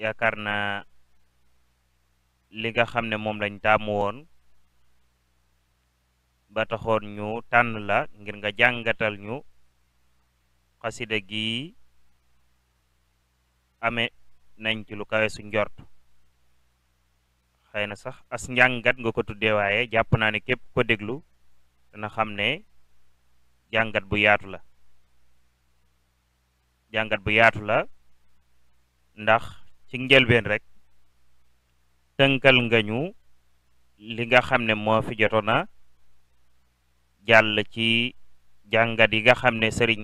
yaakaar naa li nga xam ne moom lañ taamu woon ba taxoon ñu tànn la ngir nga jàngatal ñu xasida gi ame nañ ci su njort xëy na sax as njàngat nga ko tuddee jàpp naa ne képp ko déglu dana xam ne jàngat bu yaatu la jàngat bu yaatu la ndax ci njëlbeen rek tënkal nga ñu li nga xam ne moo fi jotoon a jàll ci jàngat yi nga xam ne sëriñ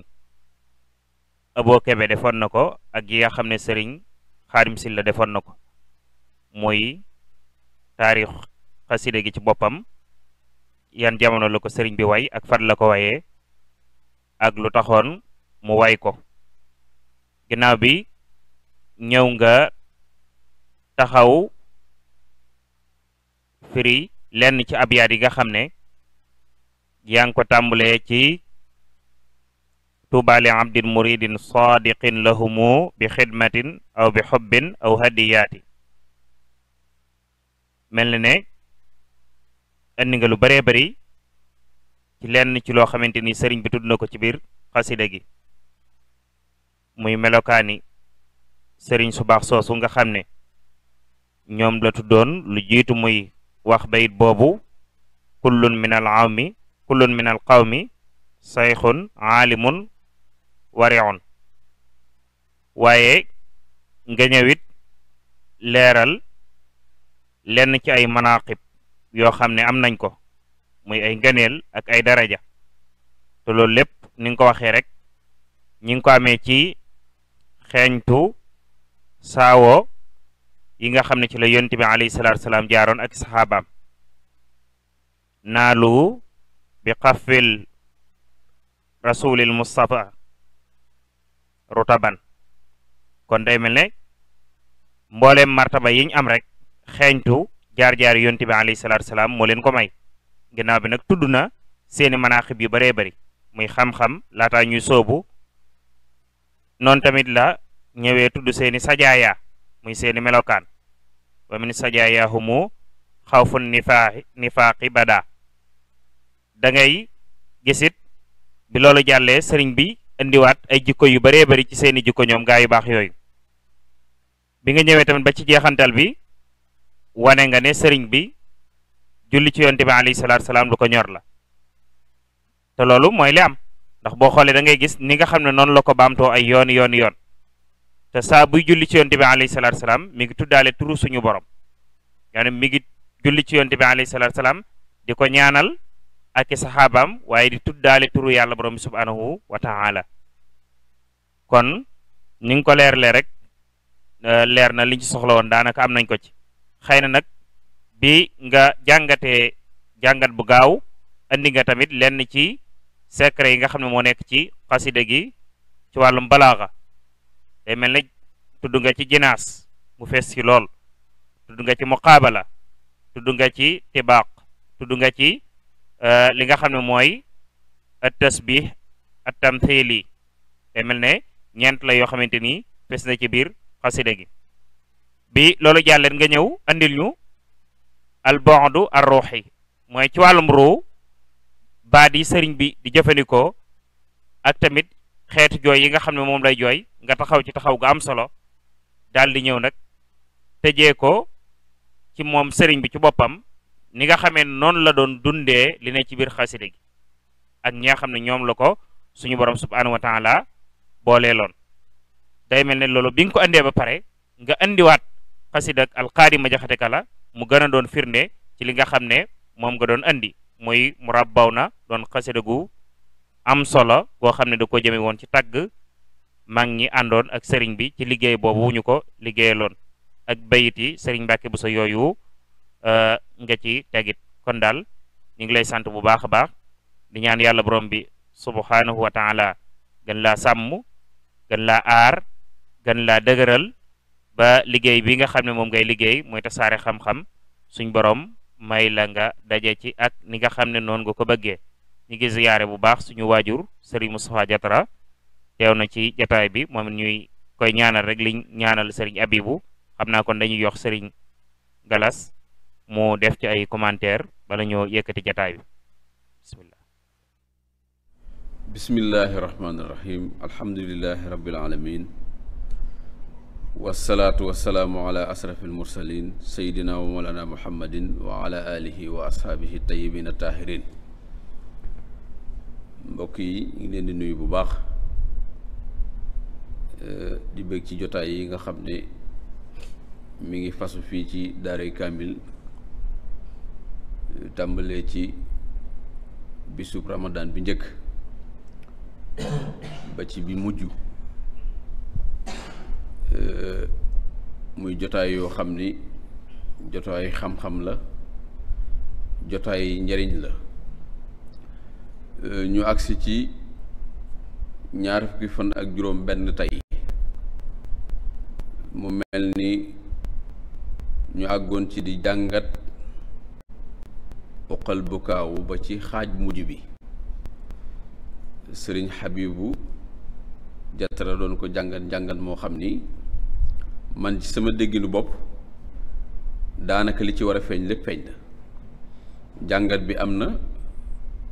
Abo Kebe defoon na ko ak yi nga xam ne sëriñ Xaadim Silla defoon na ko muy taarix xasida gi ci boppam yan jamono la ko sëriñ bi way ak fan la ko waye ak lu taxoon mu way ko ginnaaw bi ñëw nga taxaw firi lenn ci abyaat yi nga xam ne yaa ngi ko tàmbalee ci tuubaali abdin muridin saadiqin lahumu bi xidmatin aw bi xubbin aw hadiyaati mel na ne andi nga lu bëree bëri ci lenn ci loo xamante ni sëriñ bi tudd na ko ci biir xasida gi muy melokaani sëriñ su baax soosu nga xam ne ñoom latu tuddoon lu jiitu muy wax bayit boobu kullun min al awmi kullun min al qawmi sayxun aalimun wariun waaye nga leeral lenn ci ay manaqib yoo xam ne am nañ ko muy ay ngëneel ak ay daraja te loolu lépp ni nga ko waxee rek ñi ngi ko amee ci xeeñtu saawoo yi nga xam ne ci la yonent bi alayhi salaatu salaam jaaroon ak saxaabaam naaluhu bi xafil rasulil mustafa rutaban kon day mel ne mbooleem martaba yiñ am rek xeeñtu jaar-jaar yonent bi alayhi salaam moo leen ko may ginnaaw bi nag tudd na seeni manaaxib yu baree bari muy xam-xam laataa ñuy soobu noonu tamit la ñëwee tudd seeni sajaaya muy seeni melokaan wa min sajaayahumu xawfun nifaaxi nifaaqi bada dangay ngay gisit bi loolu jàllee sëriñ bi indiwaat ay jikko yu baree bari ci seeni jikko ñoom gaa yu baax yooyu bi nga ñëwee tamit ba ci jeexantal bi wane nga ne sëriñ bi julli ci yonte bi alayhi salaatu salaam du ko ñor la te loolu mooy li am ndax boo xoolee da ngay gis ni nga xam ne noonu la ko baamtoo ay yoon yoon yoon te saa buy julli ci yonte bi alayhi salaatu salaam mi ngi tuddaale turu suñu borom yaani mi ngi julli ci yonte bi alayhi salaatu salaam di ko ñaanal ak i saxaabaam waaye di tuddaale turu yàlla borom subhanahu wa taala kon ni nga ko leerlee rek euh, leer na li ci soxla woon daanaka am nañ ko ci xëy na nag bi nga jàngate jàngat bu gaaw andi nga tamit lenn ci secret yi nga xam ne moo nekk ci xasida gi ci wàllum balaaxa day mel ne tudd nga ci ginaas mu fees ci lool tudd nga ci muqaabala tudd nga ci tibaaq tudd nga ci euh, li nga xam ne mooy at-tasbih at-tamthili day mel ne ñeent la yoo xamante ni fees na ci biir xasida gi bi loolu jàlleen nga ñëw andil ñu al bondu mooy ci wàllum ruu baat yi sëriñ bi di jëfandikoo ak tamit xeetu jooy yi nga xam ne moom lay jooy nga taxaw ci taxaw gu am solo daal di ñëw nag tëje ko ci moom sëriñ bi ci boppam ni nga xamee noonu la doon dundee li ne ci biir xasida gi ak ñaa xam ne ñoom la ko suñu borom subhanahu wa taala loon day mel ne loolu bi nga ko indee ba pare nga indiwaat xasida ak alqaadi ka la mu gën a doon firnde ci li nga xam ne moom nga doon indi mooy mu ràbbaw na doon xasida gu am solo goo xam ne da ko jëme woon ci tàgg mag ñi àndoon ak sëriñ bi ci liggéey boobu ñu ko liggéeyaloon ak bayit yi sëriñ Mbàkke bu sa yooyu euh, nga ci tegit kon daal ñu ngi lay sant bu baax a baax di ñaan yàlla borom bi subhanahu wa taala gën laa sàmm gën la aar gën laa dëgëral ba liggéey bi nga xam ne moom ngay liggéey mooy tasaare xam-xam suñ borom may la nga daje ci ak ni nga xam ne noonu nga ko bëggee ñu gis ziyaare bu baax suñu waajur sëriñ Moustapha Jatara teew na ci jataay bi moom ñuy koy ñaanal rek liñ ñaanal sëriñ Abibu xam naa kon dañuy yox sëriñ Galas mu def ci ay commentaire bala ñoo yëkkati jataay bi bismillah bismillahi rahmaani rahim alhamdulilahi rabbil alamin wasalaatu wasalaamu ala asrafil mursalin wa molana muhammadin wa ala wa ashaabihi tayyibin tahirin mbokk yi ñu ngi di nuyu bu baax Euh, di bëgg ci jotaay yi nga xam ni mi ngi fasu fii ci daaray Kamil euh, tàmbalee ci bisub Ramadan bi njëkk ba ci bi mujj euh, muy jotaay yoo xam ni jotaay xam-xam la jotaay njariñ la ñu agsi ci ñaar fukki fan ak juróom benn tey mu mel ni ñu àggoon ci di jàngat uqal bukaawu ba ci xaaj mujj bi sëriñ xabibu jatara doon ko jàngat jàngat moo xam ni man ci sama dégginu bopp daanaka li ci war a feeñ lépp feeñ na jàngat bi am na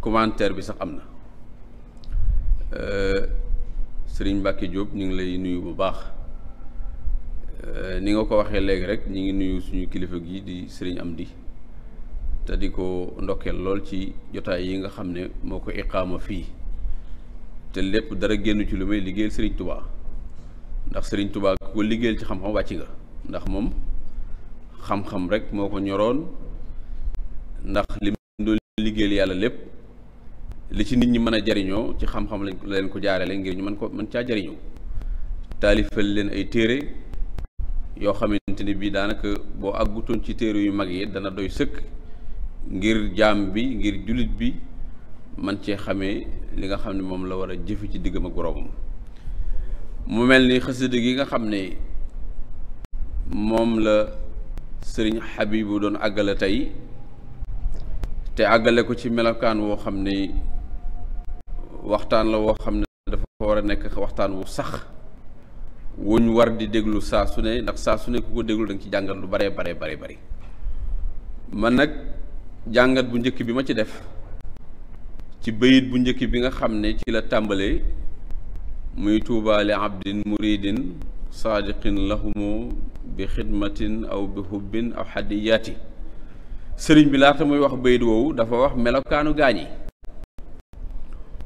commentaire bi sax am na euh, sëriñ Mbàkke Jóob ñu ngi lay nuyu bu baax Euh, ni nga ko waxee léegi rek ñu ngi nuyu suñu kilifa gi di sëriñ am di te di ko ndokkeel lool ci jotaay yi nga xam ne moo ko iqaama fii te lépp dara génn ci lu may liggéeyal sëriñ Touba ndax sëriñ Touba ku ko liggéeyal ci xam-xam wàcc nga ndax moom xam-xam rek moo ko ñoroon ndax li mu doon liggéeyal yàlla lépp li ci nit ñi mën a jariñoo ci xam-xam lañ leen ko jaarale ngir ñu mën ko mën caa jariñoo taalifal leen ay téere yoo xamante ni bii daanaka boo àggutoon ci téere yu mag yi dana doy sëkk ngir jaam bi ngir jullit bi man cee xamee li nga xam ne moom la war a jëfe ci diggam ak boroomam mu mel ni gi nga xam ne moom la sëriñ Habibu doon àggale tey te àggale ko ci melokaan woo xam ne waxtaan la woo xam ne dafa war a nekk waxtaan wu sax wuñ war di déglu saa su ne ndax saa su ne ku ko déglu da ci jàngat lu bare bare bare bari man nag jàngat bu njëkk bi ma ci def ci bayit bu njëkk bi nga xam ne ci la tàmbalee muy tuubaali abdin muridin saadiqin lahumu bi xidmatin aw bi hubbin aw hadiyaati sëriñ bi laata muy wax bayit woowu dafa wax melokaanu gaañ yi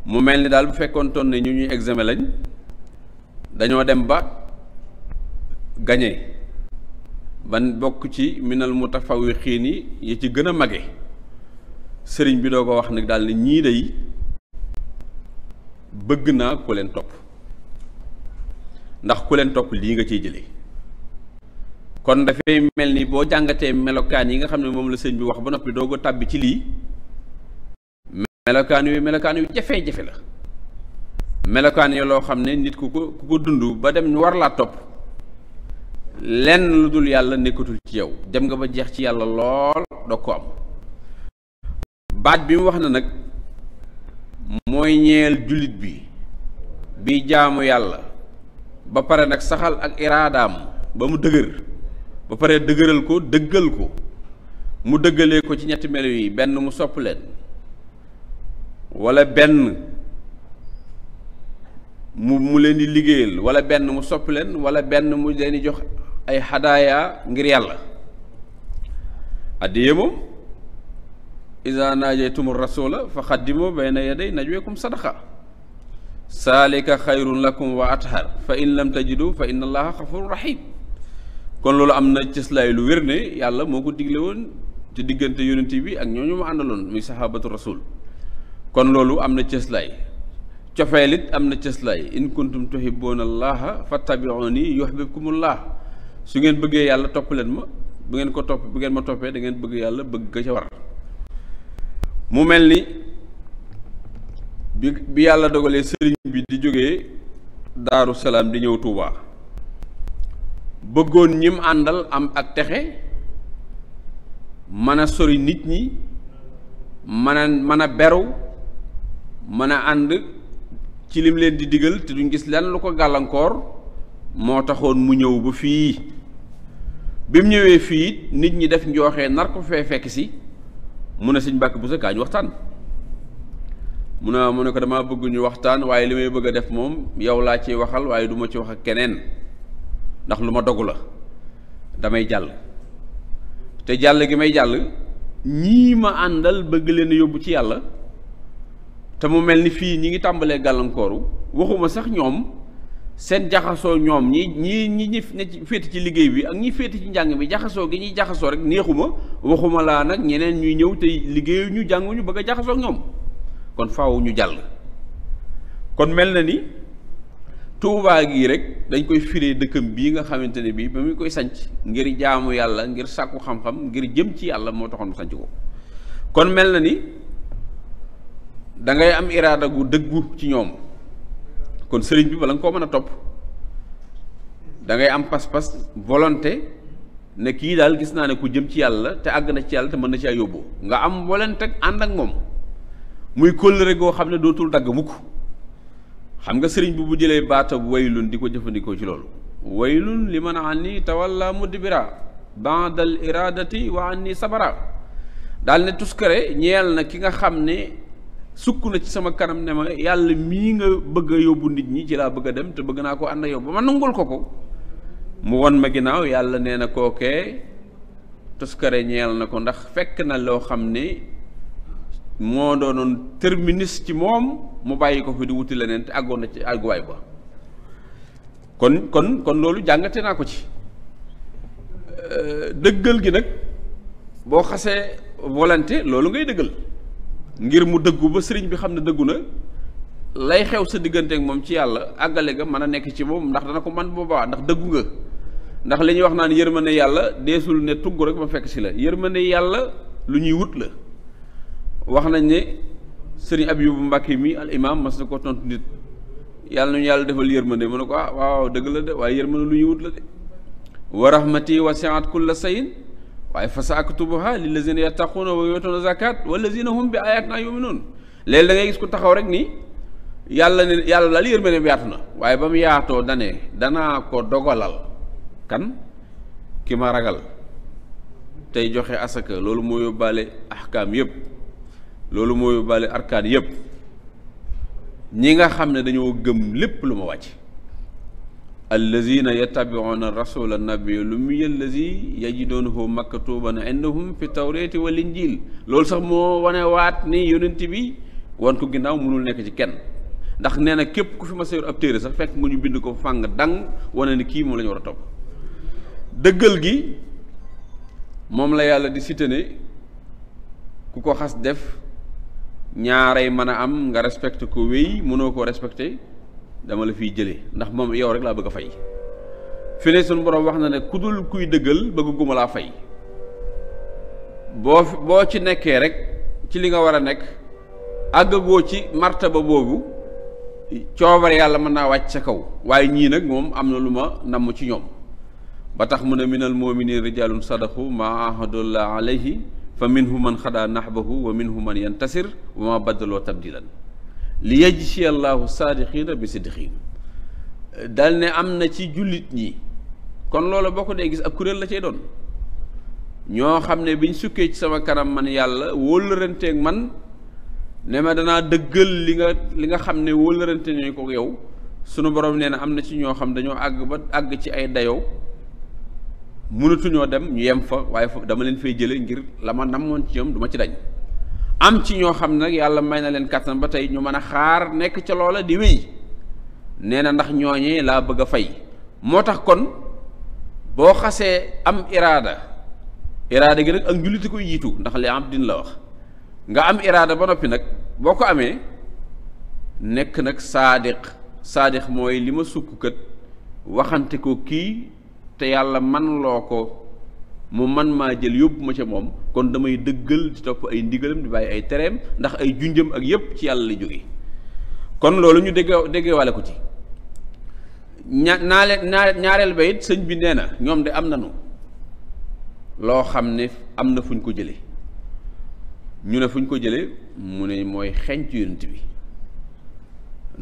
mu mel ni daal bu fekkoon toon ne ñu ñuy examen lañ dañoo dem ba gañe ban bokk ci minal mutafawwixiin yi yi ci gën a mage sëriñ bi doo ko wax nag daal ne ñii day bëgg naa ku leen topp ndax ku leen topp lii nga ciy jëlee kon dafay mel ni boo jàngatee melokaan yi nga xam ne moom la sëñ bi wax ba noppi doo ko tàbbi ci lii melokaan yu melokaan yu jafe-jafe la melokaan yoo loo xam ne nit ku ko ku ko dund ba dem ñu war laa topp lenn lu dul yàlla nekkatul ci yow dem nga ba jeex ci yàlla lool doo ko am baat bi mu wax na nag mooy ñeel jullit bi bi jaamu yàlla ba pare nag saxal ak iraadaam ba mu dëgër ba pare dëgëral ko dëggal ko mu dëggalee ko ci ñetti melo yi benn mu sopp leen wala benn mu mu leen di liggéeyal wala benn mu sopp leen wala benn mu leen di jox ay xadaaya ngir yàlla addiye moom iza naajaytumu rasula fa xaddimu bayna yaday najweekum sadaqa saalika xayrun lakum wa athar fa in lam tajidu fa inna allaha xafurun rahim kon loolu am na cëslaay lu wér ne yàlla moo ko digle woon ci diggante yonent bi ak ñooñu ma àndaloon muy sahabatu rasul kon loolu am na cëslaay cofeelit am na cëslaay in kuntum tuhibbuuna allaha fattabiuni yuhbibkumullah su ngeen bëggee yàlla topp leen ma bu ngeen ko topp bu ngeen ma toppee dangeen bëgg yàlla bëgg ka ca war mu mel ni bi bi yàlla dogalee sëriñ bi di jógee daaru salaam di ñëw tuubaa bëggoon ñim àndal am ak texe mën a sori nit ñi mën a mën a beru mën a ànd ci lim leen di diggal te duñ gis lenn lu ko gàllankoor moo taxoon mu ñëw ba fii bi mu ñëwee fii it nit ñi def njooxee nar ko fee fekk si mu ne sëñ Mbàkke bu kaa ñu waxtaan mun ne mu ne ko damaa bëgg ñu waxtaan waaye li may bëgg a def moom yow laa ciy waxal waaye duma ci wax ak keneen ndax lu ma dogu la damay jàll te jàll gi may jàll ñii ma àndal bëgg leen yóbbu ci yàlla te mu mel ni fii ñi ngi tàmbalee gàllankooru waxuma sax ñoom seen jaxasoo ñoom ñi ñi ñi ñi ci féete ci liggéey bi ak ñi féete ci njàng mi jaxasoo gi ñuy jaxasoo rek neexuma waxuma laa nag ñeneen ñuy ñëw te liggéeyu ñu jànguñu bëgg a jaxasoo ñoom kon faaw ñu jàll kon mel na ni Tuubaa gii rek dañ koy firee dëkkam bii nga xamante ne bii ba mu koy sanc ngir jaamu yàlla ngir sàkku xam-xam ngir jëm ci yàlla moo taxoon mu sanc ko kon mel na ni dangay am iraada gu dëggu ci ñoom kon sëriñ bi bala nga koo mën a topp dangay am pas-pas volonté ne kii daal gis naa ne ku jëm ci yàlla te àgg na ci yàlla te mën na caa yóbbu nga am volonté ànd ak moom muy kóllëre goo xam ne dootul dagg mukk xam nga sëriñ bi bu jëlee baatab waylun di ko jëfandikoo ci loolu waylun li man anni tawalla mudbira bandal iradati wa anni sabara daal ne tuskare ñeel na ki nga xam ne sukk na ci sama kanam ne ma yàlla mii nga bëgg yóbbu nit ñi ci laa bëgg a dem te bëgg naa ko ànd ak yow ba ma nangul ko ko mu won ma ginnaaw yàlla nee na kookee toskare ñeel na ko ndax fekk na loo xam ne moo doonoon terminus ci moom mu bàyyi ko fi di wuti leneen te àggoon na ci àgguwaay ba kon kon kon loolu jàngate naa ko ci dëggal gi nag boo xasee volonté loolu ngay dëggal ngir mu dëggu ba sëriñ bi xam na dëggu na lay xew sa digganteek moom ci yàlla àggale ga mën a nekk ci moom ndax dana ko man boobaa ndax dëggu nga ndax li ñuy wax naan yërmande yàlla deesul ne tugg rek ba fekk si la yërmande yàlla lu ñuy wut la wax nañ ne sëriñ Abiyu Mbàkke mi al imam mas na ko tontu nit yàlla nañu yàlla defal yërmande mu ne ko ah waaw dëgg la de waaye yërmande lu ñuy wut la de wa rahmati wasi'at kulla waaye fa sa aktubuha lillazina yattaquuna wa yutuuna zakat wallazina hum bi ayatina yuminuun léegi da ngay gis ku taxaw rek ni yàlla ne yàlla daal yërmande bi yaatu na waaye ba mu yaatoo dane dana ko dogalal kan ki ma ragal tey joxe asaka loolu moo yóbbaale ahkaam yëpp loolu moo yóbbaale arkaan yëpp ñi nga xam ne dañoo gëm lépp lu ma wàcc na la allazina yattabi'una rasula annabiyya lummiya allazi yajidunahu maktooban indahum fi tawrati wal injil loolu sax moo wane waat ni yonent bi wan ko ginnaaw mënul nekk ci kenn ndax nee na képp ku fi ma sa yor ab téere sax fekk nga ñu bind ko fàng dang wane ni kii moom la ñu war a topp dëggal gi moom la yàlla di cité ku ko xas def ñaaray mën a am nga respecté ko wéy mënoo koo respecté dama la fi jëlee ndax moom yow rek laa bëgg a fay fi ne suñu borom wax na ne ku dul kuy dëggal bëgg guma laa fay boo boo ci nekkee rek ci li nga war a nekk àgg àggagoo ci martaba boobu coobare yàlla mën naa wàcc sa kaw waaye ñii nag moom am na lu ma namm ci ñoom ba tax mu ne minal mu'miniina rijaalun sadaqu maa ahadullah alayhi fa minhum man xadaa nahbahu wa minhum man yantasir wa ma baddaloo tabdilan li yajzi allahu saadiqiina bi sidqiin dal ne am na ci jullit ñi kon loolu boo ko dee gis ak kuréel la cay doon ñoo xam ne biñ sukkee ci sama kanam man yàlla wóllëranteeg man ne ma danaa dëggal li nga li nga xam ne wóllërante nañ ko yow sunu borom nee na am na ci ñoo xam dañoo àgg ba àgg ci ay dayoo mënatuñoo dem ñu yem fa waaye foofu dama leen fay jële ngir la ma namoon ci ñoom duma ci dañ am ci ñoo xam nag yàlla may na leen kàttan ba tey ñu mën a xaar nekk ca loola di wéy nee na ndax ñooñee laa bëgg a fay moo tax kon boo xasee am iraada iraada gi nag ak njulliti koy jiitu ndax li am din la wax nga am iraada ba noppi nag boo ko amee nekk nag saadiq saadiq mooy li ma sukk kat waxante ko kii te yàlla man loo ko mu man maa jël yóbbu ma ca moom kon damay dëggal di topp ay ndigalam di bàyyi ay tereem ndax ay junjam ak yépp ci yàlla lay jóge kon loolu ñu dégge déggewaale ko ci ña naale naa ñaareel ba sëñ bi nee na ñoom de am nanu loo xam ne am na fu ñu ko jële ñu ne fu ñu ko jële mu ne mooy xeeñ ci yonent bi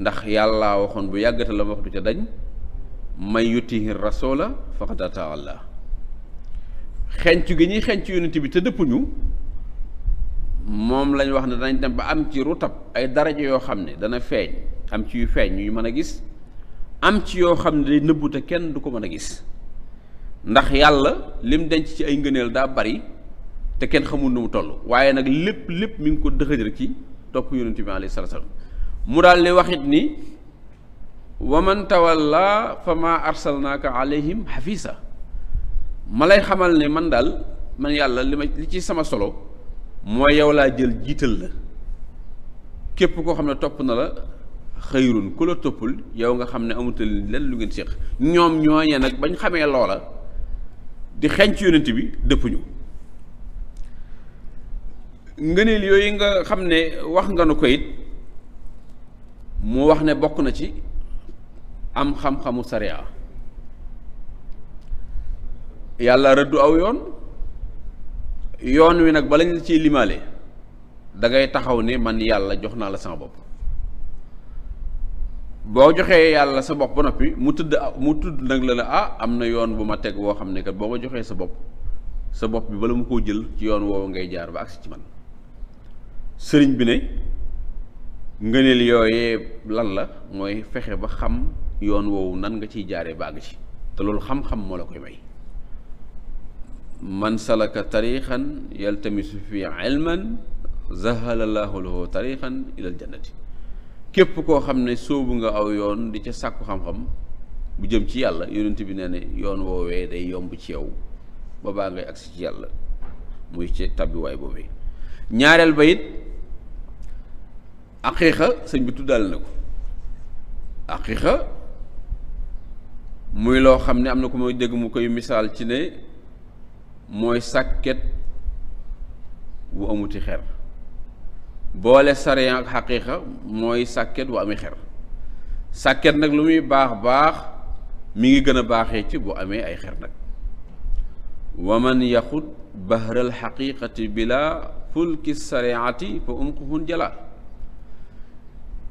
ndax yàlla waxoon bu yàggata la ma wax du ca dañ may yutihi rasula faqad ataa allah xencu gi ñuy xencu yonent bi te dëppuñu moom lañ wax ne danañ dem ba am ci rutab ay daraja yoo xam ne dana feeñ am ci yu feeñ yu mën a gis am ci yoo xam ne day nëbbu kenn du ko mën a gis ndax yàlla lim denc ci ay ngëneel daa bari te kenn xamul nu mu toll waaye nag lépp lépp mu ngi ko dëxëj rek ci topp yonent bi alayhi salaatu salaam mu daal di wax it ni waman tawalla fa ma arsalnaaka alayhim xafisa ma lay xamal ne man daal man yàlla li ma li ci sama solo moo yow laa jël jiital la képp koo xam ne topp na la xëyrun ku la toppul yow nga xam ne amutal lenn lu ngeen séq ñoom ñooñee nag bañ xamee loola di xenc yonent bi dëppuñu ngëneel yooyu nga xam ne wax nga nu ko moo wax ne bokk na ci am xam-xamu sariya yàlla rëddu aw yoon yoon wi nag bala ñu ciy limaale dangay taxaw ne man yàlla jox naa la sama bopp boo joxee yàlla sa bopp ba noppi mu tudd mu tudd nag la ne ah am na yoon bu ma teg woo xam ne kat boo ma joxee sa bopp sa bopp bi bala mu koo jël ci yoon woowu ngay jaar ba agsi ci man sëriñ bi ne ngëneel yooyee lan la mooy fexe ba xam yoon woowu nan nga ciy jaaree ba àgg ci te loolu xam-xam moo la koy may man salaka tariqan yaltamisu fi ilman zahalallahu lahu tariqan ilal jannati képp koo xam ne sóobu nga aw yoon di ca sàkku xam-xam bu jëm ci yàlla yonent bi nee ne yoon woowee day yomb ci yow ba ngay agsi ci yàlla muy ci tabbiwaay boobu ñaareel ba it aqiiqa sëñ bi tuddaal na ko aqiiqa muy loo xam ne am na ko ma dégg mu koy misaal ci ne mooy sàkket wu amuti xer boole sariya ak xaqiiqa mooy sàkket wu amee xer sàkket nag lu muy baax baax mi ngi gën a baaxee ci bu amee ay xer nag wa waman yaxut bahral xaqiqati bila fulki sariati fa umkuhun jala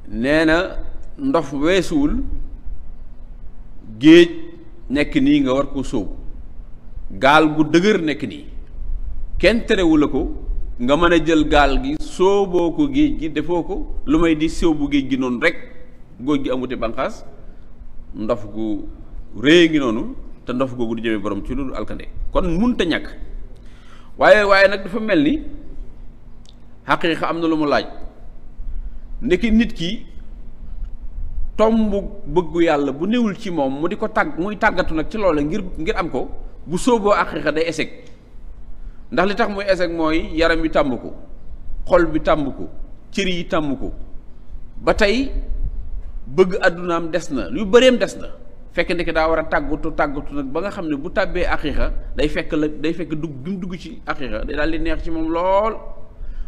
nee na ndox weesuwul géej nekk nii nga war ko sóobu gaal gu dëgër nekk nii kenn terewu la ko nga mën a jël gaal gi sooboo ko géej gi defoo ko lu may di soobu géej gi noonu rek góoj gi amute banqaas ndof gu réy noonu te ndof googu di jëmee boroom ci loolu alkande kon munta ñàkk waaye waaye nag dafa mel ni xaqiiqa am na lu mu laaj ndeki nit ki tomb bëggu yàlla bu newul ci moom mu di ko tàgg muy tàggatu nag ci loola ngir ngir am ko bu sooboo aqiqa day échec ndax li tax muy échec mooy yaram wi tàmb ko xol bi tàmb ko cër yi tàmb ko ba tey bëgg àddunaam des na lu bëreem des na fekk ndeke daa war a tàggatu tàggatu nag ba nga xam ne bu tàbbee aqiqa day fekk la day fekk dugg du dugg ci aqiqa day daal neex ci moom lool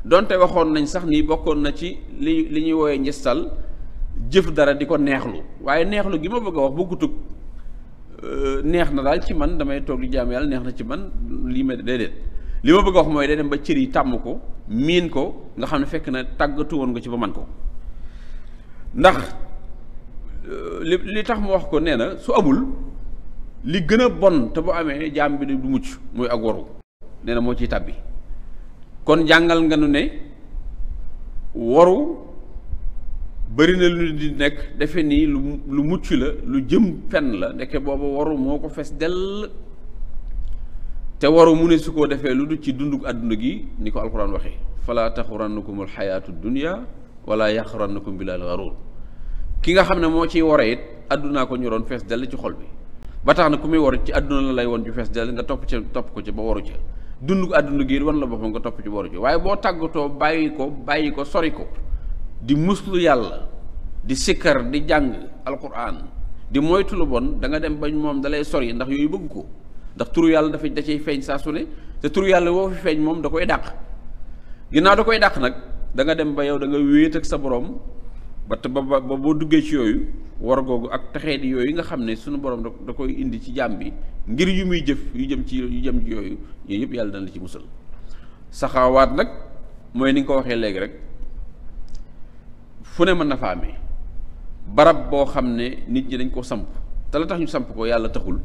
donte waxoon nañ sax ni bokkoon na ci li li ñuy woowee njëstal jëf dara di ko neexlu waaye neexlu gi ma bëgg a wax bëggu tug Euh, neex na daal ci man damay toog di jaam yàlla neex na ci man lii ma déedéet li ma bëgg a wax mooy day dem ba cër yi tàmm ko miin ko nga xam ne fekk na tàggatu woon nga ci ba man ko ndax euh, li li tax mu wax ko nee na su amul li gën a bon te bu amee jaam bi du mucc mooy ak waru nee na moo ciy tàbbi kon jàngal nga nu ne waru bari na lu di nekk defe nii lu mu lu mucc la lu jëm fenn la ndeke booba waru moo ko fes dell te waru mu ne su ko defee lu du ci dundug àdduna gi ni ko alxuraan waxee fala taxurannakum alxayaatu dunia wala yaxurannakum bilal garur ki nga xam ne moo ciy ware it àddunaa ko ñoroon fees dell ci xol bi ba ku muy war ci àdduna la lay won ju fees dell nga topp ca topp ko ci ba waru ca dundug àdduna gi wan la boppam nga topp ci ba waru ca waaye boo tàggatoo bàyyi ko bàyyi ko sori ko di muslu yàlla di sikkar di jàng alquran di moytu lu bon da nga dem bañ moom da lay yi ndax yooyu bëgg ko ndax turu yàlla dafa da ciy feeñ saa su ne te turu yàlla woo fi feeñ moom da koy dàq ginnaaw da koy dàq nag danga dem ba yow da nga wéet ak sa borom ba ba ba boo duggee ci yooyu war googu ak taxee di yooyu nga xam ne sunu borom da koy indi ci jaam bi ngir yu muy jëf yu jëm ci yu jëm ci yooyu yooyu yëpp yàlla dana la ci musal saxaawaat nag mooy ni nga ko waxee léegi rek. fu ne mën na fa amee barab boo xam ne nit ñi dañ ko samp te la tax ñu samp ko yàlla taxul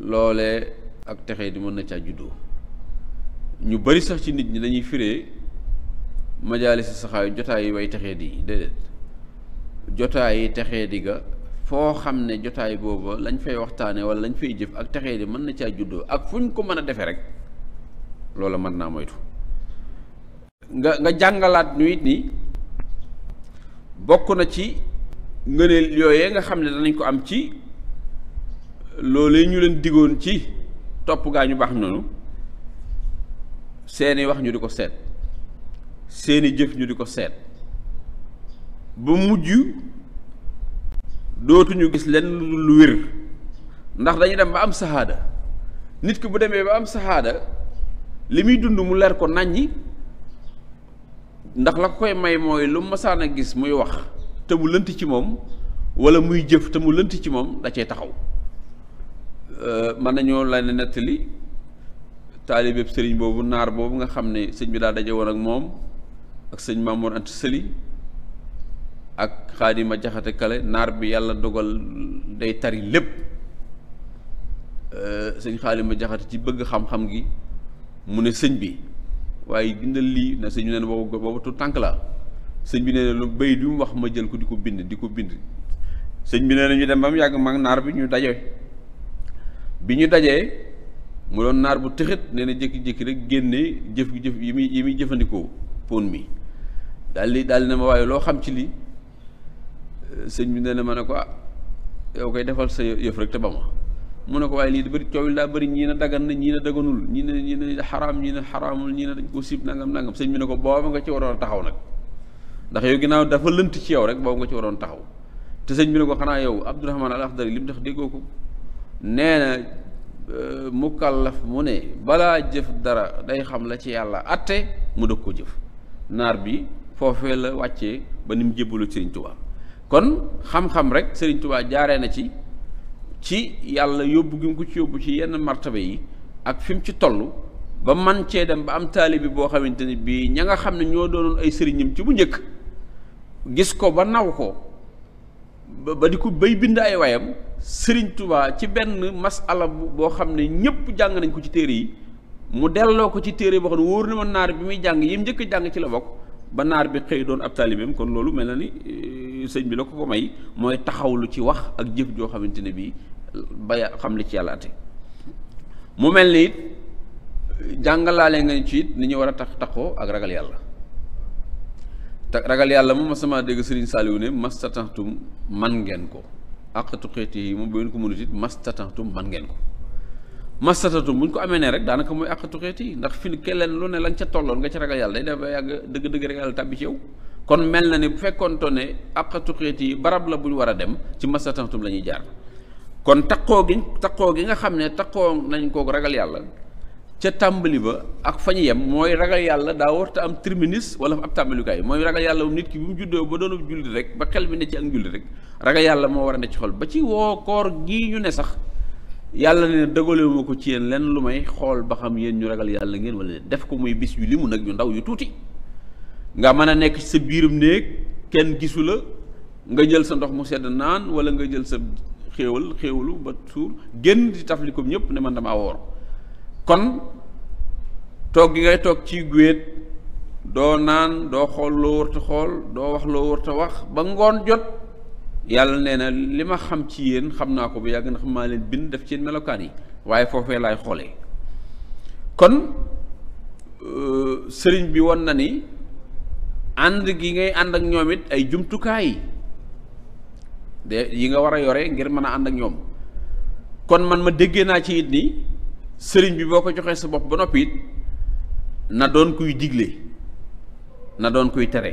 loole ak texee di mën na caa juddoo ñu bari sax ci nit ñi dañuy firee majaalis saxaayu jotaay yi way texee di déedéet jotaay texee di ga foo xam ne jotaay booba lañ fay waxtaane wala lañ fay jëf ak texee di mën na caa juddoo ak fu ñu ko mën a defee rek loola mën naa moytu nga nga jàngalaat ñu it ni bokk na ci ngëneel yooyee nga xam ne danañ ko am ci loolee ñu leen digoon ci topp gaa ñu baax noonu seeni wax ñu di ko seet seeni jëf ñu di ko seet ba mujj dootuñu gis leen lu wir ndax dañu dem ba am saxaada nit ki bu demee ba am saxaada li muy dund mu leer ko nàññi ndax la koy may mooy lu masaan a gis muy wax te mu lënt ci moom wala muy jëf te mu lënt ci moom da cay taxaw euh, mën nañoo la ne nettali taalibeeb sëriñ boobu naar boobu nga xam ne sëñ bi daa daje woon ak moom ak sëñ Mamour Anta Sëli ak xaadima jaxate kale naar bi yàlla dogal day tari lépp euh, sëñ xaadima jaxate ci bëgg xam-xam gi mu ne sëñ bi waaye bindal lii na sëñ bi nee na boobu boobu tu tànk la sëñ bi nee na lu béy du wax ma jël ko di ko bind di ko bind sëñ bi nee na ñu dem ba mu yàgg mag naar bi ñu daje bi ñu dajee mu doon naar bu tëxët nee na jékki-jékki rek génne jëf jëf yi muy muy jëfandikoo pon mi daal di daal ma waaye loo xam ci li sëñ bi nee ma ne ko ah yow koy defal sa yëf rek te ba ma mu ne ko waaye lii da bëri coow daa bëri ñii na dagan na ñii na daganul ñii na ñii na xaraam ñii na xaramul ñii na dañ ko sib nangam nangam sëñ bi ne ko booba nga ci waroon a taxaw nag ndax yow ginnaaw dafa lënt ci yow rek boobu nga ci waroon taxaw te sëñ bi ne ko xanaa yow Abdourahman al Akhdari li mu tax déggoo ko nee na euh, mukallaf mu ne balaa jëf dara day xam la ci yàlla atte mu dëkk ko jëf naar bi foofee la wàcce ba ni mu jébbalu Sëriñ Tuubaa kon xam-xam rek Sëriñ Tuubaa jaaree na ci ci yàlla yóbbu gi ko ci yóbbu ci yenn martaba yi ak fi mu ci toll ba man cee dem ba am taalibi boo xamante ni bii ña nga xam ne ñoo doonoon ay sëriñam ci bu njëkk gis ko ba naw ko ba ko bay bind ay wayam sëriñ Tuubaa ci benn masala boo xam ne ñépp jàng nañ ko ci téere yi mu delloo ko ci téere boo ne wóor na ma naar bi muy jàng yim njëkk jàng ci la bokk ba naar bi xëy doon ab taalibeem kon loolu mel na ni eh, sëñ bi la ko ko may mooy taxawlu ci wax ak jëf joo xamante ne bii ba xam li ci yàlla mu mel ni it jàngalaale nga ci it ni ñu war a tax taxoo ak ragal yàlla te ragal yàlla moom ma sama dégg Serigne Saliou ne mastatantum man ngeen ko ak tuqeeti yi bu ngeen ko mënut it mastatantum man ngeen ko mastatantum buñ ko amee ne rek daanaka mooy ak xeeti ndax fi ni keleen lu ne lañ ca tolloon nga ci ragal yàlla day def ba yàgg dëgg dëgg ragal yàlla tàbbi ci yow kon mel na ni bu fekkoonto ne ak tuqeeti yi barab la bu war a dem ci mastatantum la ñuy jaar kon takkoo gi takkoo gi nga xam ne takkoo nañ koo ragal yàlla ca tàmbali ba ak fa ñu yem mooy ragal yàlla daa warta am terminus wala ab tàmbalikaay mooy ragal yàlla nit ki mu juddoo ba doonub jullit rek ba xel ci ak jullit rek ragal yàlla moo war a ne ci xool ba ci woo koor gi ñu ne sax yàlla ne dëggalewuma ko ci yéen lenn lu may xool ba xam yéen ñu ragal yàlla ngeen wala def ko muy bis yu limu nag ñu ndaw yu tuuti nga mën a nekk ci sa biirum néeg kenn gisu la nga jël sa ndox mu sedd naan wala nga jël sa xéewal xéewalu ba suur génn di taflikum ñëpp ne man damaa woor kon toog gi ngay toog ci guéet doo naan doo xool loo wërta xool doo wax loo wërta wax ba ngoon jot yàlla nee na li ma xam ci yéen xam naa ko bu yàgg na xam maa leen bind def ci yéen melokaan yi waaye foofee laay xoole kon euh, sëriñ bi won na ni ànd gi ngay ànd ak ñoom it ay jumtukaay de yi nga war a yore ngir mën a ànd ak ñoom kon man ma déggee naa ci it ni sëriñ bi boo ko joxee sa bopp ba noppi na doon kuy digle na doon kuy tere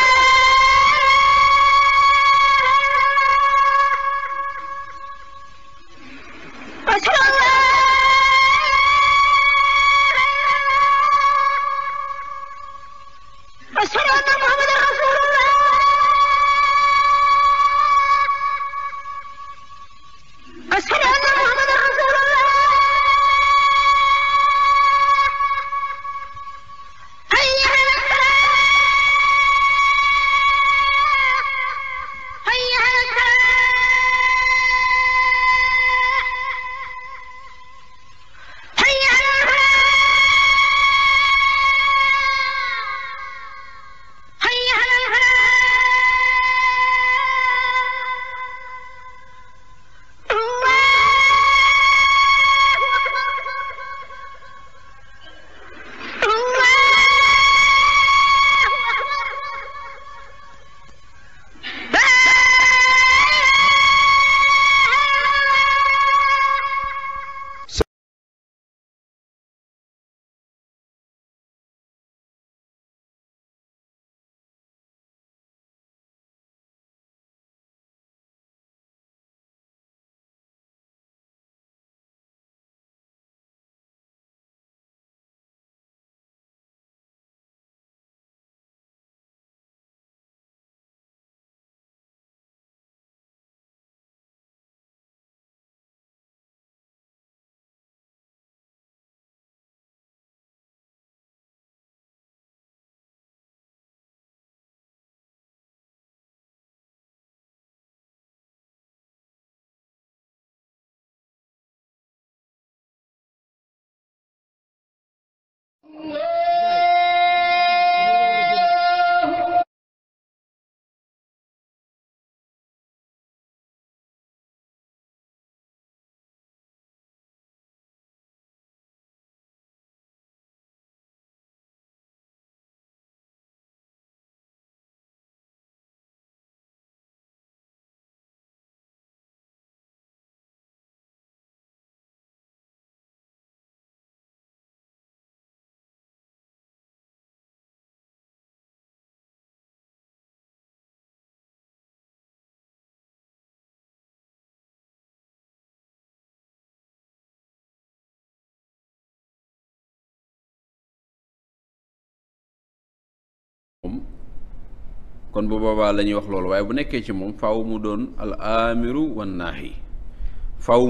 kon bu boobaa la ñuy wax loolu waaye bu nekkee ci moom faw mu doon al amiru wan naahi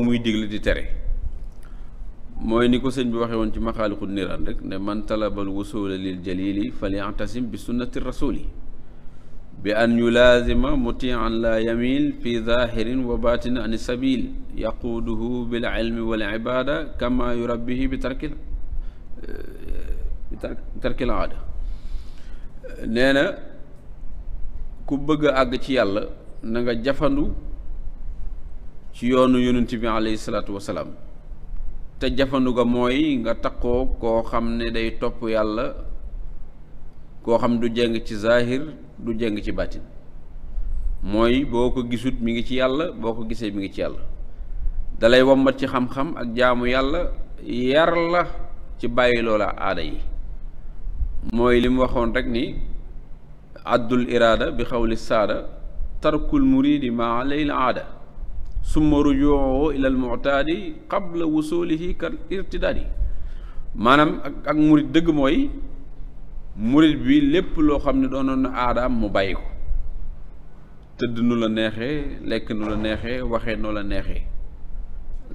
muy digle di tere mooy ni ko sëñ bi waxee woon ci maxaaliqu niraan rek ne man talabal wusula lil jalili falyatasim bi sunnati rasuli bi an yulaazima mutian la yamil fi zahirin wa batin an sabil yaquuduhu bi tarkil aada nee ku bëgg àgg ci yàlla na nga jafandu ci yoonu yonent bi alayhi salaatu wasalaam te jafandu ga mooy nga takkoo koo xam ne day topp yàlla koo xam du jëng ci zahir du jëng ci bàttin mooy boo ko gisut mi ngi ci yàlla boo ko gisee mi ngi ci yàlla dalay wombat ci xam-xam ak jaamu yàlla yar la ci bàyyi loola aada yi mooy li waxoon rek ni addul iraada bi xawli saada tarkul muridi maa leyl aada summa rujuuhu ila al mu'taadi qabla wusulihi kal irtidaadi maanaam ak murid dëgg mooy murid bi lépp loo xam ne doonoon na aadaam mu bàyyi ko tëdd nu la neexee lekk nu la neexee waxee noo la neexee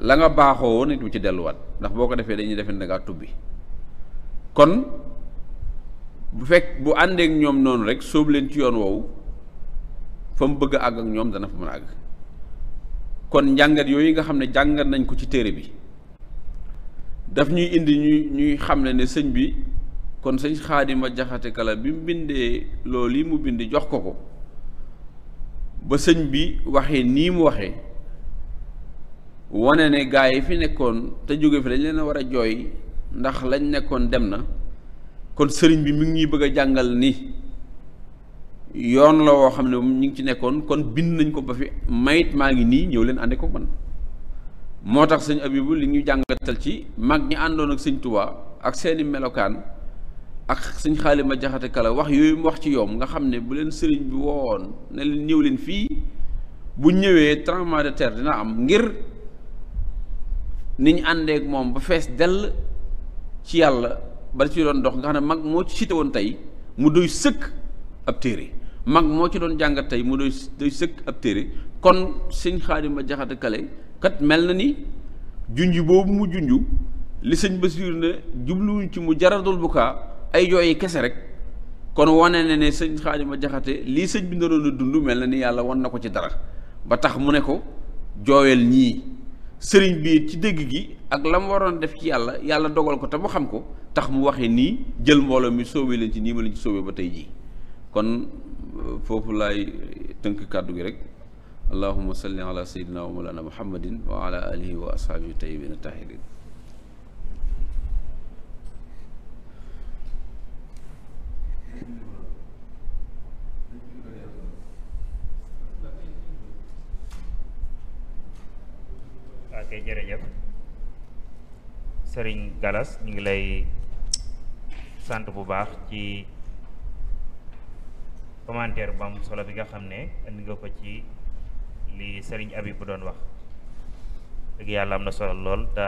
la nga baaxoo woon it mu ci delluwaat ndax boo ko defee dañuy defee ne dangaa tubbi kon bu fekk bu àndeek ñoom noonu rek sóobleen ci yoon woowu fa mu bëgg àgg ak ñoom dana fa mën a àgg kon njàngat yooyu nga xam ne jàngat nañ ko ci téere bi daf ñuy indi ñuy xam ne ne sëñ bi kon sëñ xaadima jaxate kala bi mu bindee loolu yi mu bind jox ko ko ba sëñ bi waxee nii mu waxee wane ne gaa yi fi nekkoon te jóge fi dañ leen a war a jooy ndax lañ nekkoon dem na kon sëriñ bi mi ngi ñuy bëgg a jàngal ni yoon la woo xam ne ñu ngi ci nekkoon kon bind nañ ko ba fi mayit maa ngi nii ñëw leen ànde ko man moo tax sëñ Abibu li ñu jàngatal ci mag ñi àndoon ak sëñ Tuubaa ak seeni melokaan ak sëñ ma Jaxate Kala wax yooyu mu wax ci yoom nga xam ne bu leen sëriñ bi woowoon ne leen ñëw leen fii bu ñëwee tremblement de terre dina am ngir ni àndeek moom ba fees dell ci yàlla bala ci doon dox nga xam ne mag moo ci cité woon tey mu doy sëkk ab téere mag moo ci doon jàngat tey mu doy sëkk ab téere kon sëñ Xaadima Jaxate Kale kat mel na ni junj boobu mu junj li sëñ Basiir ne jubluwuñ ci mu jaradul bu kaa ay jooyi kese rek kon wane na ne sëñ Xaadima Jaxate lii sëñ bi naroon a dund mel na ni yàlla wan na ko ci dara ba tax mu ne ko jooyal ñii sëriñ bi ci dégg gi ak la mu waroon def ci yàlla yàlla dogal ko te mu xam ko tax mu waxee nii jël mbooloo mi soobee leen ci nii ma leen ci soobee ba tey jii kon euh, foofu laay tënk kàddu gi rek allahuma salli ala sayyidina wa mawlana muhammadin wa ala alihi wa ashaabihi tayyibina tahirin Serigne Galas ñu ngi lay sant bu baax ci commentaire bu am solo bi nga xam ne indi nga ko ci lii Serigne Habib bu doon wax dëgg yàlla am na solo lool te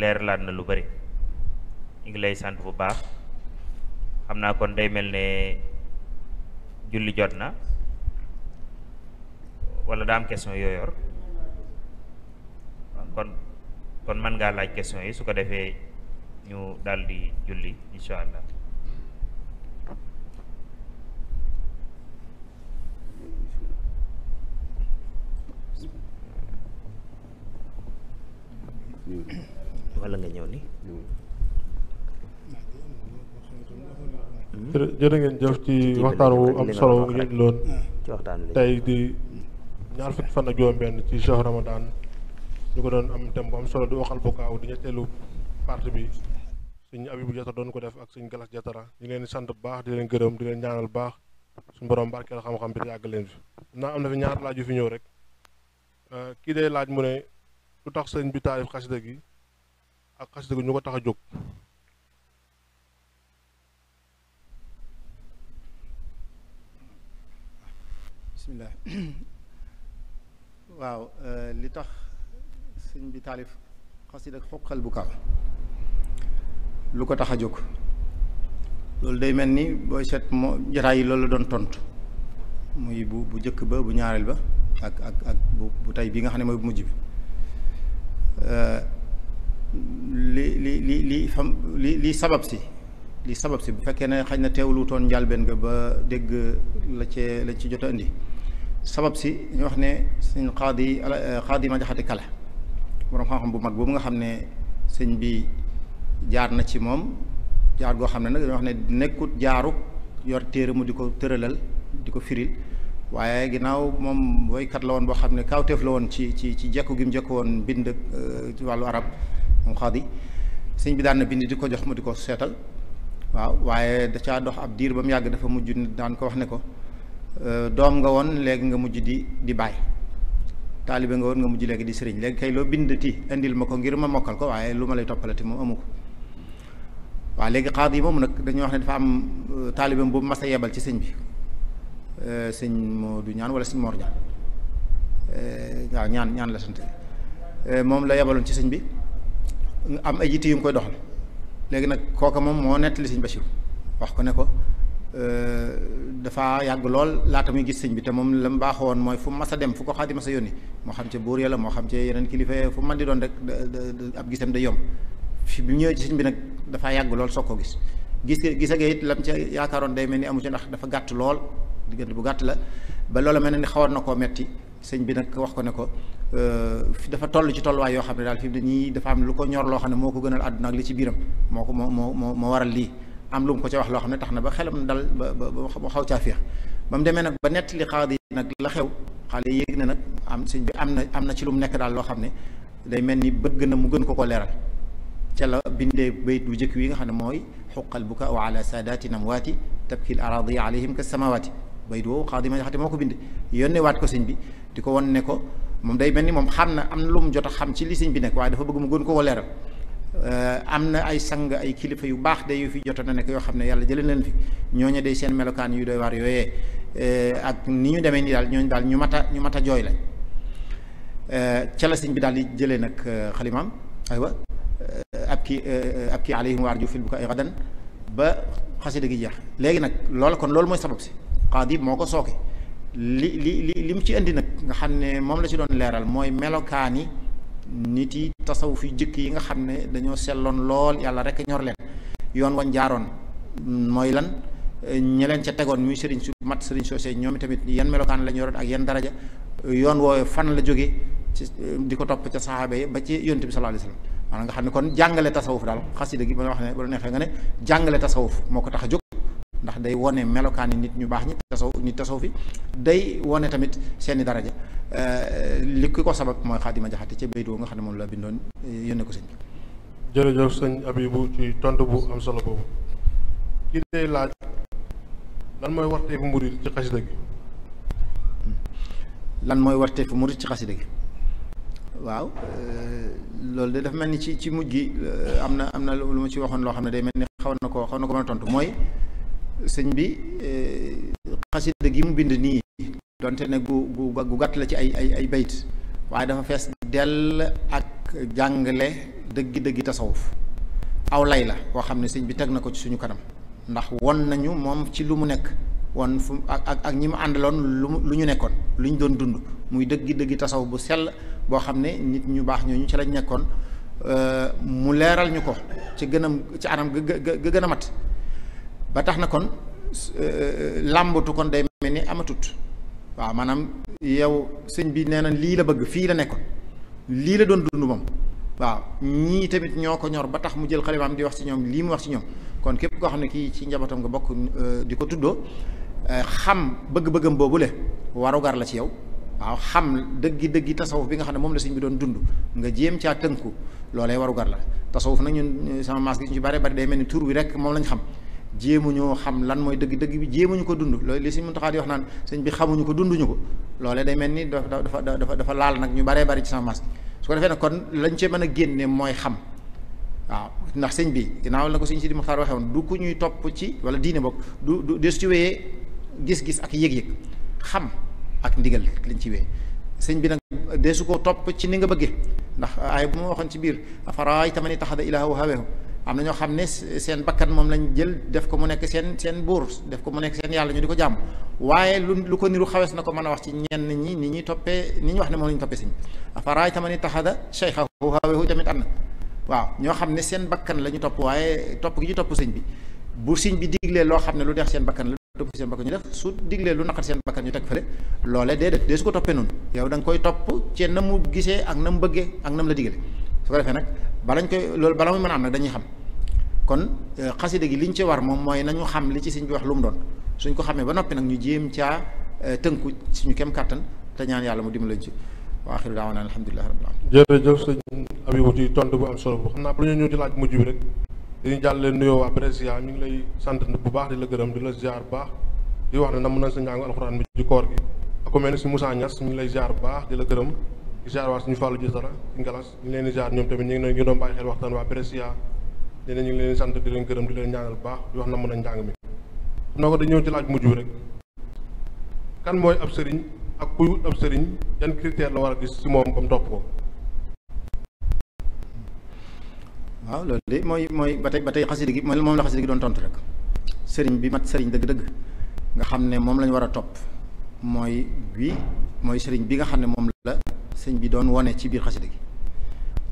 leerlaat na lu bari ñu ngi lay sant bu baax xam naa kon day mel ne julli jot na walla daa am question yooyoor kon kon man ngaa laaj question yi su ko defee ñu daal di julli incha allah. wala nga ñëw ni hmm? jërë ngeen jëf ci am solo wu ngeen loon tey di ñaar fukki fan ak juróom benn ci Cheikh Ramadan ñu ko doon am thème bu am solo di waxal bokaaw di ñetteelu partie bi suñ Abibu Jatara doon ko def ak suñ Galas Jatara ñu leen sant bu baax di leen gërëm di leen ñaanal baax suñu borom barkeel xam-xam bi di yàgg leen fi naa am na fi ñaar laaj yu fi ñëw rek euh, kii day laaj mu ne lu tax sëñ bi taalif xasida gi ak xasida gi ñu ko tax a jóg bismillah euh, tax sëñ bi taalif xasida ak xuqal bu kaw lu ko tax a jóg loolu day mel ni booy seet moo jataay yi loolu la doon tontu muy bu bu njëkk ba bu ñaareel ba ak ak ak bu bu tey bi nga xam ne mooy bu mujj bi li li li li fam li li sabab si li sabab si bu fekkee na xaj na teewlu toon njàlbeen nga ba dégg la cee la ci jot a indi sabab si ñu wax ne suñ xaadi xaadi ma jaxati kala borom xam-xam bu mag boobu nga xam ne sëñ bi jaar na ci moom jaar goo xam ne nag dañoo wax ne nekkut jaaruk yor téere mu di ko tëralal di ko firil waaye ginnaaw moom woykat la woon boo xam ne kawteef la woon ci ci ci jekku gi mu jekku woon bind euh, ci wàllu arab moom xaadi sëñ bi daan bind di ko jox mu di ko seetal waaw waaye da caa dox ab diir ba mu yàgg dafa mujj daan ko wax ne ko euh, doom nga woon léegi nga mujj di di bàyyi taalibe nga woon nga mujj léegi di sëriñ léegi kay loo bindati indil ma ko ngir ma mokkal ko waaye lu ma lay toppalati moom léegi xaad yi moom nag dañuy wax ne dafa am euh, taalibeem boobu mas yebal ci sëñ bi euh, sëñ Modou ñaan wala sëñ ñaan euh, ñaan la sant moom la yebaloon ci sëñ bi am ay yitte yu mu koy doxal léegi nag kooka moom moo nettali sëñ Bachir wax ko ne ko Euh, dafaa yàgg lool laata muy gis sëñ bi te moom la mu baaxoon mooy fu mas a dem fu ko xaati mas a yónni moo xam ci buur la moo xam ci yeneen kilifa fu man di doon rek ab gisam da yomb fi bi ñëwee ci sëñ bi nag dafa yàgg lool soog ko gis gis gis nga it lam ca yaakaaroon day mel ni amu ci ndax dafa gàtt lool diggante bu gàtt la ba loola mel na ni xawoon na koo metti sëñ bi nag wax ko ne ko euh, dafa toll ci tolluwaay yoo xam ne daal fi mu nii dafa am lu ko ñor loo xam ne moo ko gënal àdduna li ci biiram moo ko moo moo moo waral lii am lu mu ko ca wax loo xam ne tax na ba xelam dal ba ba ba xaw caa féex ba mu demee nag ba nett li xaadi nag la xew xaale yéeg ne nag am sëñ bi am na am na ci lu mu nekk daal loo xam ne day mel ni bëgg na mu gën ko ko leeral ca la bindee bayt bu jëkk wi xam ne mooy xuqal buka wa ala saadaati namwaati tabkil araadi alayhim ka samawaati bayt woowu xaadi ma jaxate moo ko bind yónnee waat ko sëñ bi di ko won ne ko moom day mel ni moom xam na am na lu mu jot a xam ci li sëñ bi nekk waaye dafa bëgg mu gën ko ko leeral Euh, am na ay sang ay kilifa yu baax de yu fi jotoon na nekk yoo xam ne yàlla jëlee leen fi ñooñu day seen melokaan yu doy waar yooyee euh, ak ni ñu demee nii daal ñooñu daal ñu mat a ñu mat a jooy lañ euh, ca la sëñ bi daal di jëlee nag xalimaam aywa ab kii ab kii alayhim waar ju fil bu ko ay xadan ba xasida gi jeex léegi nag loolu kon loolu mooy sabab si xaadib moo ko sooke li li li li mu ci indi nag nga xam ne moom la ci doon leeral mooy melokaani nit yi tasawuf yu jëkk yi nga xam ne dañoo selloon lool yàlla rek ñor leen yoon wañ jaaroon mooy lan ñi leen ca tegoon muy sëriñ su mat sëriñ soosé ñoom tamit yan melokaan la ñu yoroon ak yan daraja yoon woowe fan la jóge ci di ko topp ca saxaaba yi ba ci yonent bi sallallahu alayhi nga xam ne kon jàngale tasawuf daal xasida gi ba nga wax ne bu la neexee nga ne jàngale tasawuf moo ko tax a jóg ndax day wone melokaani nit ñu baax ñi tasaw nit tasaw fi day wone tamit seeni daraja euh, li ki ko sabab mooy Xaadima Jaxate ca bayt woo nga xam ne moom la bindoon euh, yónnee ko sëñ bi jërëjëf sëñ solo boobu ki day laaj lan mooy warteefu murit ci xasida gi hmm. lan mooy warteefu murit ci xasida gi waaw euh, loolu de dafa mel ni ci ci mujj gi am na am na lu ma ci waxoon loo xam ne day mel ni xaw na ko xaw na ko mën a tontu mooy sëñ bi eh, xasida gi mu bind nii donte ne gu gu gàtt la ci ay ay ay bayt waaye dafa fees dell ak jàngale dëggi-dëggi tasawuf aw lay la boo xam ne sëñ bi teg na ko ci suñu kanam ndax won nañu moom ci lu mu nekk won fu ak ak ñi mu àndaloon lu lu ñu nekkoon lu ñu doon dund muy dëggi-dëggi tasawuf bu sell boo xam ne nit ñu baax ñooñu ci lañ nekkoon eh, mu leeral ñu ko ci gën a ci anam ga gën a mat ba tax na kon euh, làmbatu kon day mel ni amatut waaw maanaam yow sëñ bi nee na lii la bëgg fii la nekkoon lii la doon dund moom waaw ñii tamit ñoo ko ñor ba tax mu jël xalimaam di wax ci ñoom lii mu wax ci ñoom kon képp koo xam ne kii ci njabootam nga bokk euh, di ko tuddoo euh, xam bëgg-bëggam le warugar la ci yow waaw xam dëggi dëggi tasawuf bi nga xam ne moom la sëñ bi doon dund nga jéem caa tënku loolee warugar la tasawuf nag ñun sama maas gi ñu bare bare day mel ni tur wi rek moom lañ xam jéemuñoo xam lan mooy dëgg-dëgg bi ñu ko dund loolu li suñ mun taxaa di wax naan sëñ bi xamuñu ko dunduñu ko loolee day mel ni dafa dafa dafa dafa laal nag ñu baree bari ci sama mas su ko defee nag kon lañ ci mën a génne mooy xam waaw ndax sëñ bi ginnaaw na ko sëñ Sidi Muxtaar waxee woon du ku ñuy topp ci wala diine bokk du du des ci wee gis-gis ak yëg-yëg xam ak ndigal lañ ci wéyee sëñ bi nag deesu ko topp ci ni nga bëggee ndax ay bu ma waxoon ci biir afaraayta man ittaxada ilaahahu hawaahu am na ñoo xam ne seen bakkan moom lañ jël def ko mu nekk seen seen buur def ko mu nekk seen yàlla ñu di ko jàmm waaye lu lu ko niru xawes na ko mën a wax ci ñenn ñi ni ñuy toppee ni ñu wax ne moom la ñu toppee sëñ afaraay tamani taxada cheikhahu hawahu tamit am na waaw ñoo xam ne seen bakkan la ñu topp waaye topp gi ñu topp sëñ bi bu sëñ bi diglee loo xam ne lu deex seen bakkan la topp seen bakkan ñu def su diglee lu naqar seen bakkan ñu teg fële loolee déedéet dee su ko toppee noonu yow da nga koy topp ci na mu gisee ak na mu bëggee ak na la digalee su ko defee nag balañ koy loolu bala muy mën a am nag dañuy xam kon euh, xasida gi li ñu ci war moom mooy nañu xam li ci sëñ bi wax lu mu doon suñ ko xamee ba noppi nag ñu jéem caa euh, tënku suñu kem kàttan te ñaan yàlla mu dima dimbali ci wa axiru daawana alhamdulilah rabbil alamin jërëjëf sëñ Abibou ci tontu bu am solo bu xam naa bu ñu ñëw ci laaj mujj bi rek dañu jàllale nuyoo waa Brescia mi ngi lay sant bu baax la gërëm di la ziar bu baax di wax ne nam na sa njàngu alxuraan bi ci koor gi ak ku mel ni si Moussa Niass mi ngi lay ziar bu baax di la gërëm jaar waa suñu Fallou Diassara suñu galas ñu leen di jaar ñoom tamit ñu ngi ñu doon bàyyi xel waxtaan waa Brescia ñu ne ñu leen sant di leen gërëm di leen ñaanal bu baax di wax na mën a njàng mi. noo ko dañu ñëw ci laaj mujj bi rek kan mooy ab sëriñ ak kuy ab sëriñ yan critère la war a gis si moom comme topp ko. waaw loolu de mooy mooy ba tey ba tey xasida gi moom la xasida gi doon tontu rek sëriñ bi mat sëriñ dëgg-dëgg nga xam ne moom lañu war a topp. mooy bi mooy sëriñ bi nga xam ne moom la sëñ bi doon wone ci biir xasida gi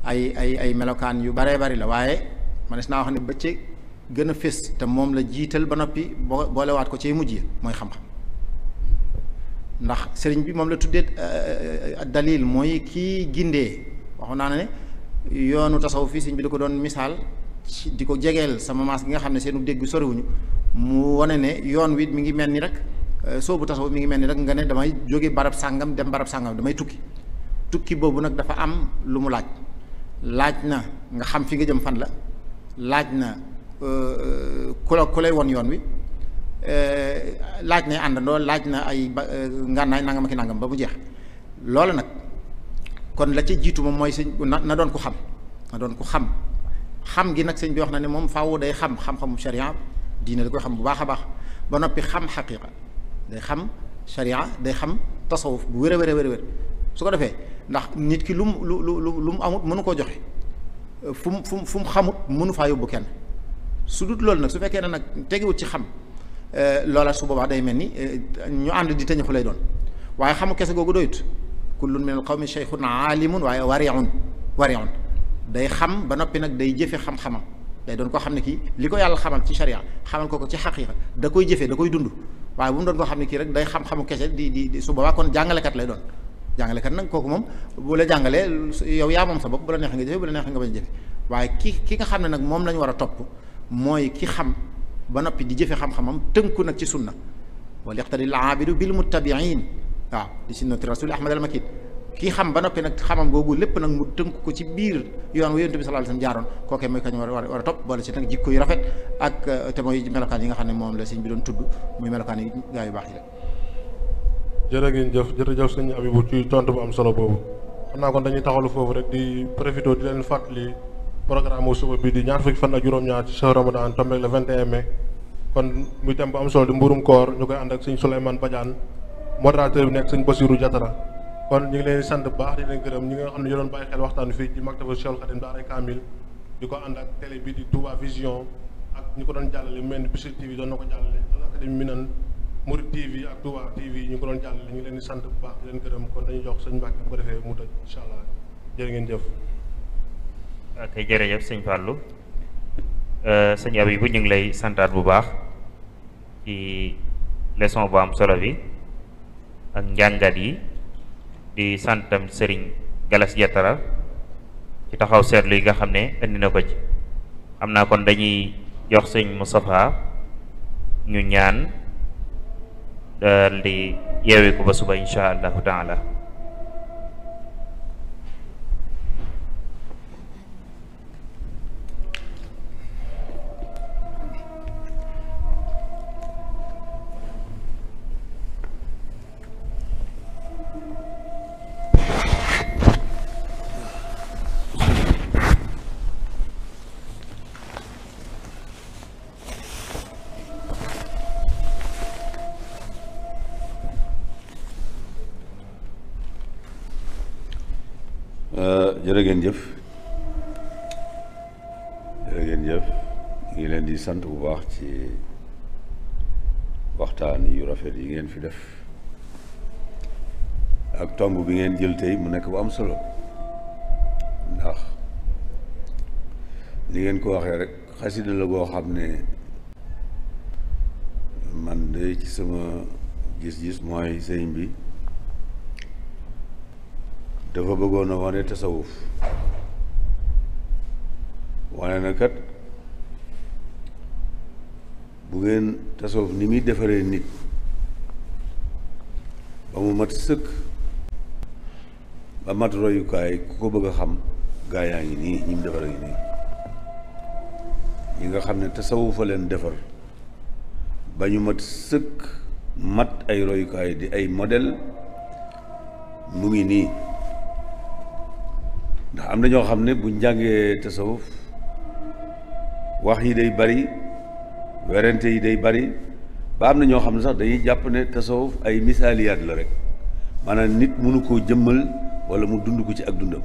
ay ay ay melokaan yu baree bari la waaye manees naa wax ne ba ci gën a fés te moom la jiital ba noppi boo boolewaat ko ci mujj mooy xam-xam ndax sëriñ bi moom la tuddee euh, euh, euh, daliil mooy kii gindee waxoon naa ne yoonu tasawuf fii sëñ bi da ko doon misaal di ko jegeel sama maas gi nga xam ne seenu dégg sorewuñu mu wane ne yoon wit mi ngi mel ni rek Euh, soobu taxaw mi ngi mel ni rek nga ne damay jóge barab sàngam dem barab sàngam damay tukki tukki boobu nag dafa am lu mu laaj laaj na nga xam fi nga jëm fan la laaj na euh, euh, ku la ku yoon wi laaj na àndandoo laaj na ay ba ngànnaay nangam ak nangam ba mu jeex loolu nag kon la ci jiitu moom mooy sëñ na doon ko xam na doon ko xam xam gi nag sëñ bi wax na ne moom faaw day xam xam-xamu sharia diine da koy xam bu baax a baax ba noppi xam xaqiqa day xam sharia day xam tasawuf bu wér a wér a wér su ko defee ndax nit ki lu mu lu lu lu mu amut mënu koo joxe fu mu fu mu fu mu xamut mënu faa yóbbu kenn su dut loolu nag su fekkee ne nag tegewut ci xam eh, loola su boobaa day mel ni eh, ñu ànd di tëñëxu lay doon waaye xamu kese googu doyut kullun min al naa lii aalimun waaye wariun wariun day xam ba noppi nag day jëfe xam-xamam day doon koo xam ne kii li ko yàlla xamal ci sharia xamal ko ko ci xaqiqa da koy jëfee da koy dund waaye bu mu doon koo xam ne kii rek day xam-xamu kese di di di su kon jàngalekat lay doon jàngalekat nag kooku moom bu la jàngalee yow yaa moom sa bopp bu la neexee nga jëfe bu la neexee nga bañ jëfe waaye ki ki nga xam ne nag moom la war a topp mooy ki xam ba noppi di jëfe xam-xamam tënku nag ci sunna wal yaqtadi al aabidu bil muttabiin waaw di sunnati rasuli ahmad al makid kii xam ba noppi nag xamam googu lépp nag mu tënk ko ci biir yoon wu yonent bi sallallahu alayhi wasallam jaaroon kookee mooy kañ war war a topp boole ci nag jikko yu rafet ak uh, te mooy melokaan yi nga xam ne moom la sëñ bi doon tudd muy melokaan yi gaa yu baax yi la a ngeen jëf jërëjëf sëñ Abibou ci tontu bu am solo boobu xam naa kon dañuy taxalu foofu rek di profité di leen fàttali programme wu suba bi di ñaar fukki fan ak juróom-ñaar ci sa Ramadan tombé le 21 mai kon muy thème bu am solo di mburum koor ñu koy ànd ak sëñ Souleymane Badiane modérateur bi nekk sëñ Basirou Diatara kon ñu ngi leen sant bu baax di leen gërëm ñi nga xam ne ñu doon bàyyi xel waxtaan fii ci Maktabul Cheikhul Khadim Daaray Kamil di ko ànd ak télé bi di Touba Vision ak ñi ko doon jàllale mel ni Bichri TV doon na ko jàllale Al Académie Minan Mouride TV ak Touba TV ñu ko doon jàllale ñu ngi leen di sant bu baax di leen gërëm kon dañuy jox sëñ Mbàkke bu ko defee mu tëj incha allah jërë ngeen jëf. ok jërëjëf sëñ euh, ñu ngi lay santaat bu baax ci leçon bu am solo bi ak njàngat yi. di santam sëriñ Galas Jatara ci taxaw seetlu yi nga xam ne indi na ko ci xam naa kon dañuy jox sëñ Moustapha ñu ñaan dal di yeewi ko ba suba insha allahu taala sant bu baax ci waxtaan yu rafet yi ngeen fi def ak tomb bi ngeen jël tey mu nekk bu am solo ndax li ngeen ko waxee rek xasida la koo xam ne man de ci sama gis-gis mooy sëñ bi dafa bëggoon a wane tasawuf wane na kat bu ngeen tasawuf ni muy defaree nit ba mu mat sëkk ba mat royukaay ku ko bëgg a xam gaa yaa ngi nii ñi mu defar ngi nii ñi nga xam ne tasawufa leen defar ba ñu mat sëkk mat ay royukaay di ay modèle mu ngi nii ndax am na ñoo xam ne bu njàngee tasawuf wax yi day bari werante yi day bari ba am na ñoo xam ne sax dañuy jàpp ne tasawuf ay misaaliyaat la rek maanaam nit mënu koo jëmmal wala mu dund ko ci ak dundam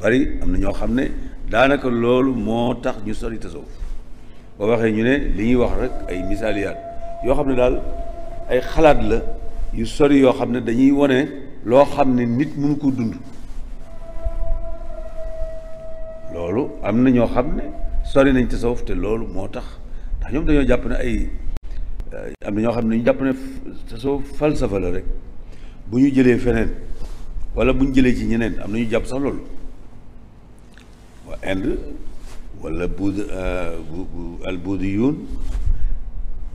bari am na ñoo xam ne daanaka loolu moo tax ñu sori tasawuf boo waxee ñu ne li ñuy wax rek ay misaaliyaat yoo xam ne daal ay xalaat la yu sori yoo xam ne dañuy wane loo xam ne nit mënu koo dund loolu am na ñoo xam ne sori nañ tasawuf te loolu moo tax ndax ñoom dañoo jàpp ne ay am na ñoo xam ne ñu jàpp ne soo falsafa la rek bu ñu jëlee feneen wala bu jëlee ci ñeneen am na ñu jàpp sax loolu waa Inde wala euh, buud al buudiyuun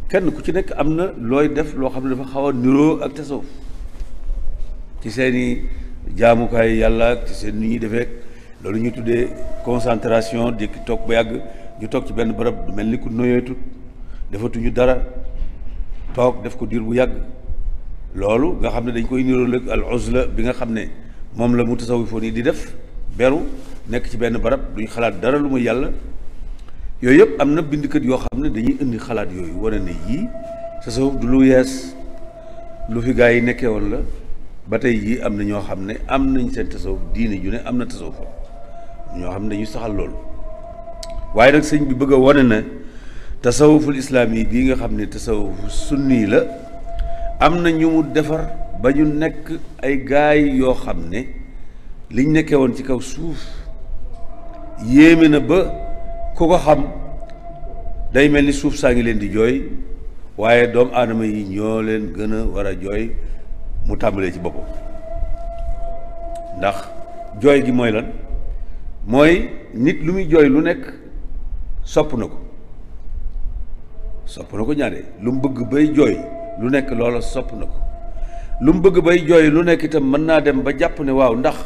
kenn ku ci nekk am na looy def loo xam ne dafa xaw a niroo ak tasawuf ci seeni jaamukaay yàlla ci seen ni ñuy defee loolu ñuy tuddee concentration di toog ba yàgg ñu toog ci benn barab mel ni ku noyeetut defatuñu dara toog def ko diir bu yàgg loolu nga xam ne dañ koy niroon rek al uzla bi nga xam ne moom la mu tasawifoon yi di def beru nekk ci benn barab duñ xalaat dara lu muy yàlla yooyu yëpp am na bindkat yoo xam ne dañuy indi xalaat yooyu wane ne yii tasawuf du lu yees lu fi gaa yi nekkee la ba tey yii am na ñoo xam ne am nañ seen tasawuf diine ju ne am na tasawuf ñoo xam ne dañu saxal loolu waaye nag sëñ bi bëgg a wane na tasawuful islaam yi bii nga xam ne tasawufu sunni la am na ñu mu defar ba ñu nekk ay gaay yoo xam ne liñ nekkee woon ci kaw suuf yéeme na ba ku ko xam day mel ni suuf saa ngi leen di jooy waaye doomu aadama yi ñoo leen gën a war a jooy mu tàmbalee ci boppam ndax jooy gi mooy la mooy nit lu muy jooy lu nekk sopp na ko sopp na ko ñaare lu bëgg bay jooy lu nekk loola sopp na ko lu bëgg bay jooy lu nekk itam mën naa dem ba jàpp ne waaw ndax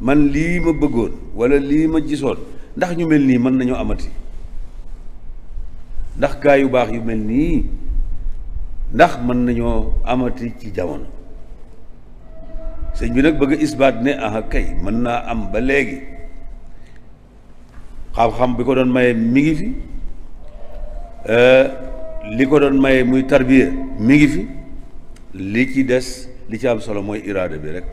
man lii ma bëggoon walla lii ma jisoon ndax ñu mel nii mën nañoo amati ndax gaa yu baax yu mel nii ndax mën nañoo amati ci jamono sëñ bi nag bëgg isbaat ne ah kay mën naa am ba léegi xam-xam bi ko doon maye mi ngi fi euh, li ko doon maye muy tarbiya mi ngi fi li ci des li ci am solo mooy iraada bi rek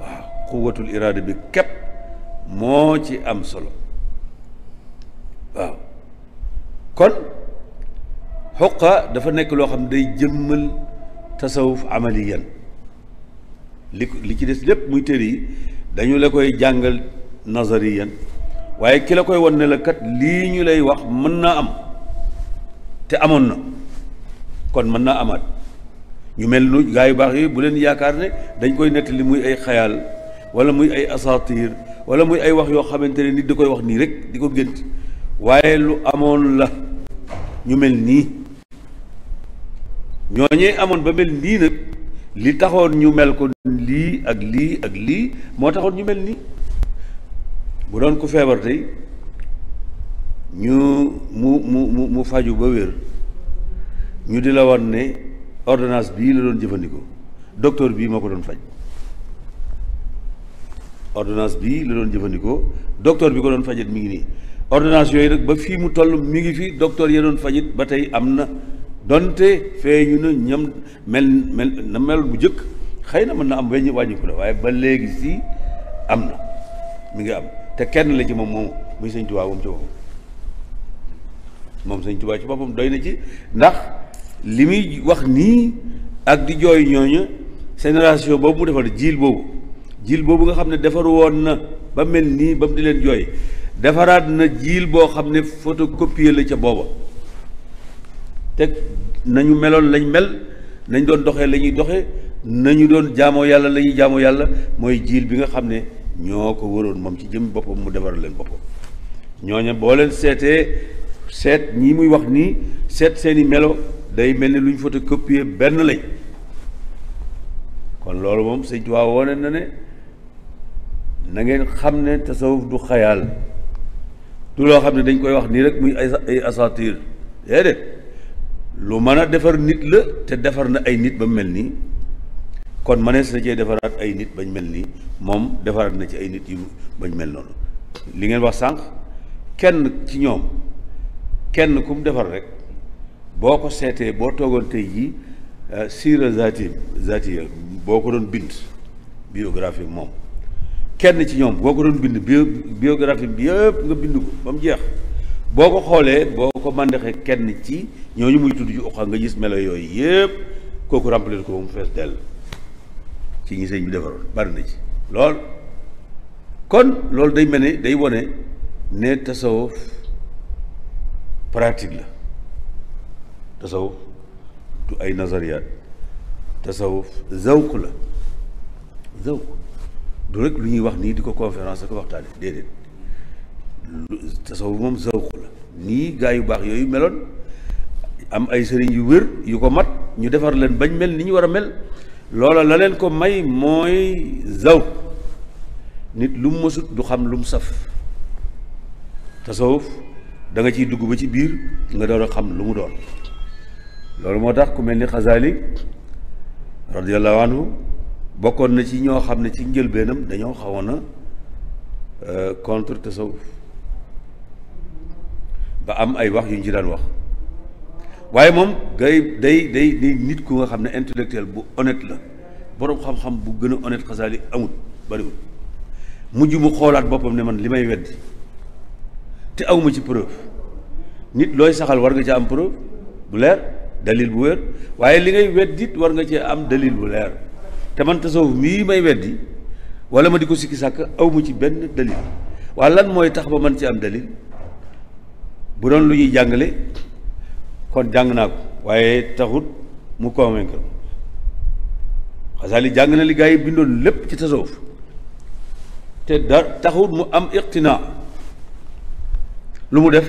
waaw quwwatul iraada bi képp moo ci am solo waaw kon xuqa dafa nekk loo xam day jëmmal tasawuf amaliyan li ko li ci des lépp muy tër yi dañu la koy jàngal nazariyan waaye ki la koy won ne la kat lii ñu lay wax mën naa am te amoon na kon mën naa amaat ñu mel nu gaa yu baax yi bu leen yaakaar ne dañ koy nettali muy ay xayaal wala muy ay asaatiir wala muy ay wax yoo xamante ne nit da koy wax nii rek di ko gént waaye lu amoon la ñu mel nii ñoo ñooñee amoon ba mel nii nag li taxoon ñu mel ko lii ak lii ak lii moo taxoon ñu mel nii bu doon ko feebar tey ñu mu mu mu mu faju ba wér ñu di la wan ne ordinance bii la doon jëfandikoo docteur bii moo ko doon faj ordinance bii la doon jëfandikoo docteur bi ko doon fajit mi ngi nii ordonnance yooyu nag ba fii mu toll mi ngi fi docteur ya doon fajit ba tey am na donte feeñu na ñam mel mel na mel bu njëkk xëy na mën na am weñ wàññiku la waaye ba léegi si am na mi ngi am te kenn la ci moom moomu muy sañ Tuubaa moom ci boppam moom sëñ Tuubaa ci boppam doy na ci ndax li muy wax nii ak di jooy ñooñu génération boobu mu defar jiil boobu jiil boobu nga xam ne defar woon na ba mel nii ba mu di leen jooy defaraat na jiil boo xam ne photocopier la ca booba te nañu meloon lañ mel nañ doon doxee la ñuy doxee nañu doon jaamoo yàlla lañuy ñuy yàlla mooy jiil bi nga xam ne ñoo ko waroon moom ci jëm boppam mu defar leen boppam ñooña boo leen seetee seet ñi muy wax nii seet seeni melo day mel ni lu ñu photocopier benn lañ kon loolu moom Sëñ Tuubaa woone na ne na ngeen xam ne te tasawuf du xayaal du loo xam ne dañ koy wax nii rek muy ay asaatiir déedéet lu mën a defar nit la te defar na ay nit ba mel nii kon mënees na cee defaraat ay nit bañ mel nii moom defaraat na ci ay nit yu bañ mel noonu li ngeen wax sànq kenn ci ñoom kenn ku mu defar rek boo ko seetee boo toogoon tey jii euh, siira zati zati boo ko doon bind biographie moom kenn ci ñoom boo ko doon bind bio biographie bi nga bind ko ba mu jeex boo ko xoolee boo ko màndaxee kenn ci ñooñu muy tudd ci uqa nga gis melo yooyu yëpp kooku remplir ko ba mu fees dell ci ñi sëñ bi defaroon bari na ci lool kon loolu day mel ne day wone ne tasawuf pratique la tasawuf du ay nazariyaat tasawuf zawk la zawk du rek lu ñuy wax nii di ko conférence ak waxtaane déedéet tasawuf moom zawk la nii gaa yu baax yooyu meloon am ay sëriñ yu wér yu ko mat ñu defar leen bañ mel ni ñu war a mel loola la leen ko may mooy zawq nit lu mu mësut du xam lu mu saf tasawuf danga ciy dugg ba ci biir nga door a xam lu mu doon loolu moo tax ku mel ni xazaali radiyallahu anhu bokkoon na ci ñoo xam ne ci njëlbeenam dañoo xawoon na euh, contre tasawuf ba am ay wax yu ñu ci daan wax waaye moom day day day nit ko nga xam ne intellectuel bu honnête la boroom xam-xam bu gën a honnête xasaali amul bariwul mujj mu xoolaat boppam ne man li may weddi te awma ci preuve nit looy saxal war nga ci am preuve bu leer dalil bu wér waaye li ngay weddit war nga ci am dalil bu leer te man tasawuf mii may weddi wala ma di ko sikki sàkk awma ci benn dalil waaye lan mooy tax ma man ci am dalil bu doon lu ñuy jàngale kon jàng naa ko waaye taxut mu convaincre Xasaali jàng na li gaa yi bindoon lépp ci tasawuf te da taxut mu am iqtinaa lu mu def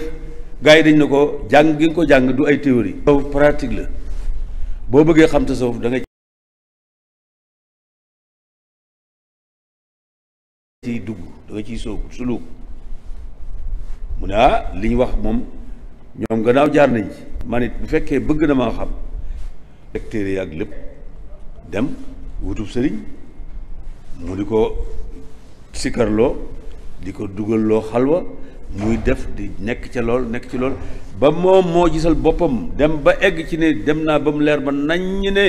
gaa yi dañ ne ko jàng gi nga ko jàng du ay théorie tasawuf pratique la boo bëggee xam tasawuf da nga ciy dugg da nga ciy soogu suluuk mu ne ah li wax moom ñoom gannaaw jaar nañ ci man it bu fekkee bëgg na maa xam rek yi ak lépp dem wutub sëriñ mu di ko sikarloo di ko dugalloo xalwa muy def di nekk ca lool nekk ci lool ba moom moo gisal boppam dem ba egg ci ne dem naa ba mu leer ba naññ ne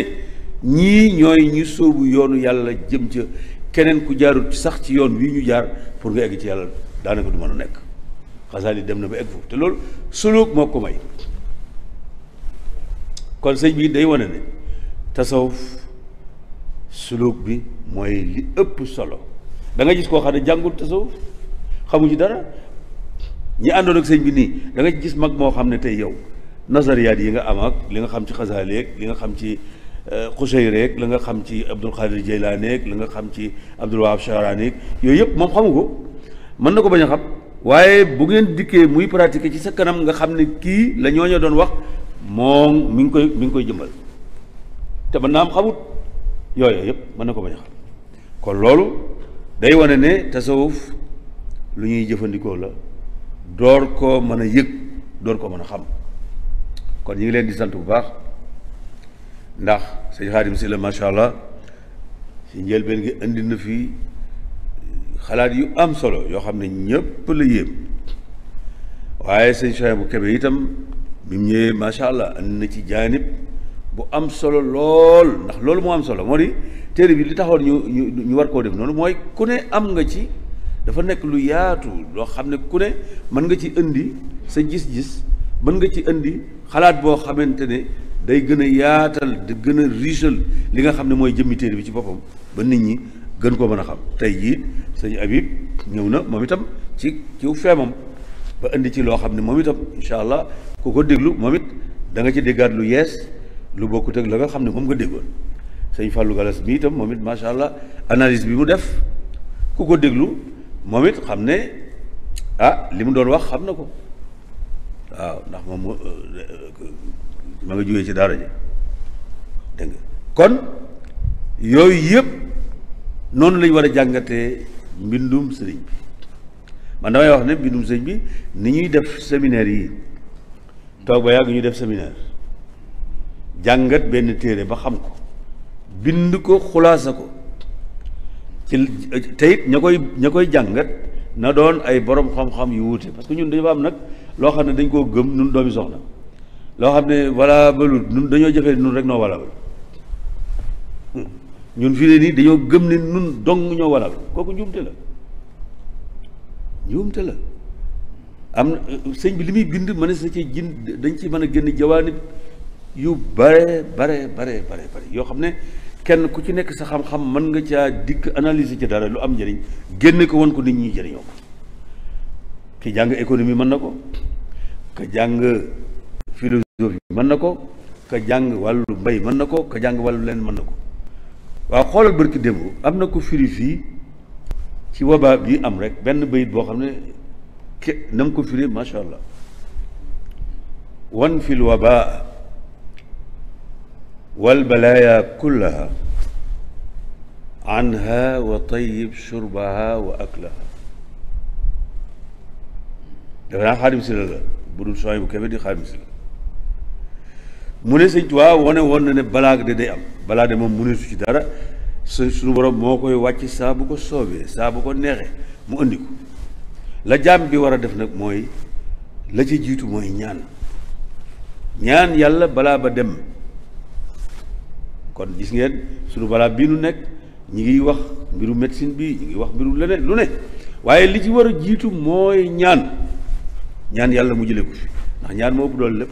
ñii ñooy ñu sóobu yoonu yàlla jëm ca keneen ku jaarut sax ci yoon wii ñu jaar pour nga egg ci yàlla daanaka du mën a nekk xasaali dem na ba egg foofu te loolu suluk moo ko may kon sëñ bii day wane ne tasawuf suluk bi mooy li ëpp solo danga nga gis koo xam ne jàngul tasawuf xamu ci dara ñi àndoon ak sëñ bi nii da gis mag moo xam ne tey yow nazariyaat yi nga am ak li nga xam ci xasaali ak li nga xam ci euh, xusey rek la nga xam ci abdul xaadir jaylaani ak la nga xam ci abdul wahab sharaani ak yooyu yëpp moom xamu ko mën na ko bañ a xam waaye bu ngeen dikkee muy pratiquer ci sa kanam nga xam ne kii lañoo ñooñu doon wax moo mi ngi koy mi ngi koy jëmbal te mën naa am xamut yooyu yëpp mën na ko bañ a xam kon loolu day wane ne tasawuf lu ñuy jëfandikoo la door koo mën a yëg door koo mën xam kon ñu ngi leen di sant bu baax ndax sëñ Xaadim si la macha allah si njëlbeen gi indi na fii xalaat yu am solo yoo xam ne ñëpp la yéem waaye sëñ Cheikh bu Kebe itam bi mu ñëwee macha allah andi na ci jaanib bu am solo lool ndax loolu moo am solo moo di téere bi li taxoon ñu ñu war koo def noonu mooy ku ne am nga ci dafa nekk lu yaatu loo xam ne ku ne mën nga ci indi sa gis-gis mën nga ci indi xalaat boo xamante ne day gën a yaatal di gën a riisal li nga xam ne mooy jëmmi téere bi ci boppam ba nit ñi gën koo mën a xam tey jii sëñ Habib ñëw na moom itam ci ci feemam ba indi ci loo xam ne moom itam incha allah ku ko déglu moom it da nga ci déggaat lu yees lu bokkut ak la nga xam ne moom nga déggoon sëñ Fallou Galas mi itam moom analyse bi mu def ku ko déglu moom it xam ne ah li mu doon wax xam na ko waaw ndax moom ma nga jógee ci daara ji dégg nga kon yooyu yëpp. noonu lañ war a jàngatee mbindum sëriñ bi man damay wax ne mbindum sëriñ bi ni ñuy def séminaire yi toog ba yàgg ñuy def séminaire jàngat benn téere ba xam ko bind ko xulaasa ko ci teyit ña koy ña koy jàngat na doon ay borom xam-xam yu wuute parce que ñun dañu am nag loo xam ne dañ koo gëm nun doomi soxna loo xam ne wala balut nun dañoo jëfee nun rek noo wala bal ñun fi ne nii dañoo gëm ne nun dong ñoo waral kooku njuumte la njuumte la am sëñ bi li muy bind mënees na ci jin dañ ci mën a génn jawaanib yu bare bare bare bare yoo xam ne kenn ku ci nekk sa xam-xam mën nga ca dikk analyser ci dara lu am njëriñ génne ko woon ko nit ñi jëriñoo ko ki jàng économie mën na ko ka jàng philosophie mën na ko ka jàng wàllu mbay mën na ko ka jàng wàllu leen mën na ko waaw xoolal bërki démb am na ko firi fii ci wabaa bi am rek benn bayit boo xam ne ke na mu ko firi macha allah wan fil wabaa wal balaaya kullaha anha wa tayyib shurbaha wa aklaha dafa naa xaadim si la la bu dul sooy bu kebe di xaadim si la mu ne sëñ Tuubaa wone woon na ne balaa balaag de day am balaa de moom mu ne su ci dara su sunu borom moo koy wàcc saa bu ko soobee saa bu ko neexee mu indi ko la jaam bi war a def nag mooy la ci jiitu mooy ñaan ñaan yàlla balaa ba dem kon gis ngeen suñu balaa bii nu nekk ñi ngiy wax mbiru médecine bi wax mbiru leneen lu ne waaye li ci war a jiitu mooy ñaan ñaan yàlla mu jëlee ko fi ndax ñaan moo ëpp doole lépp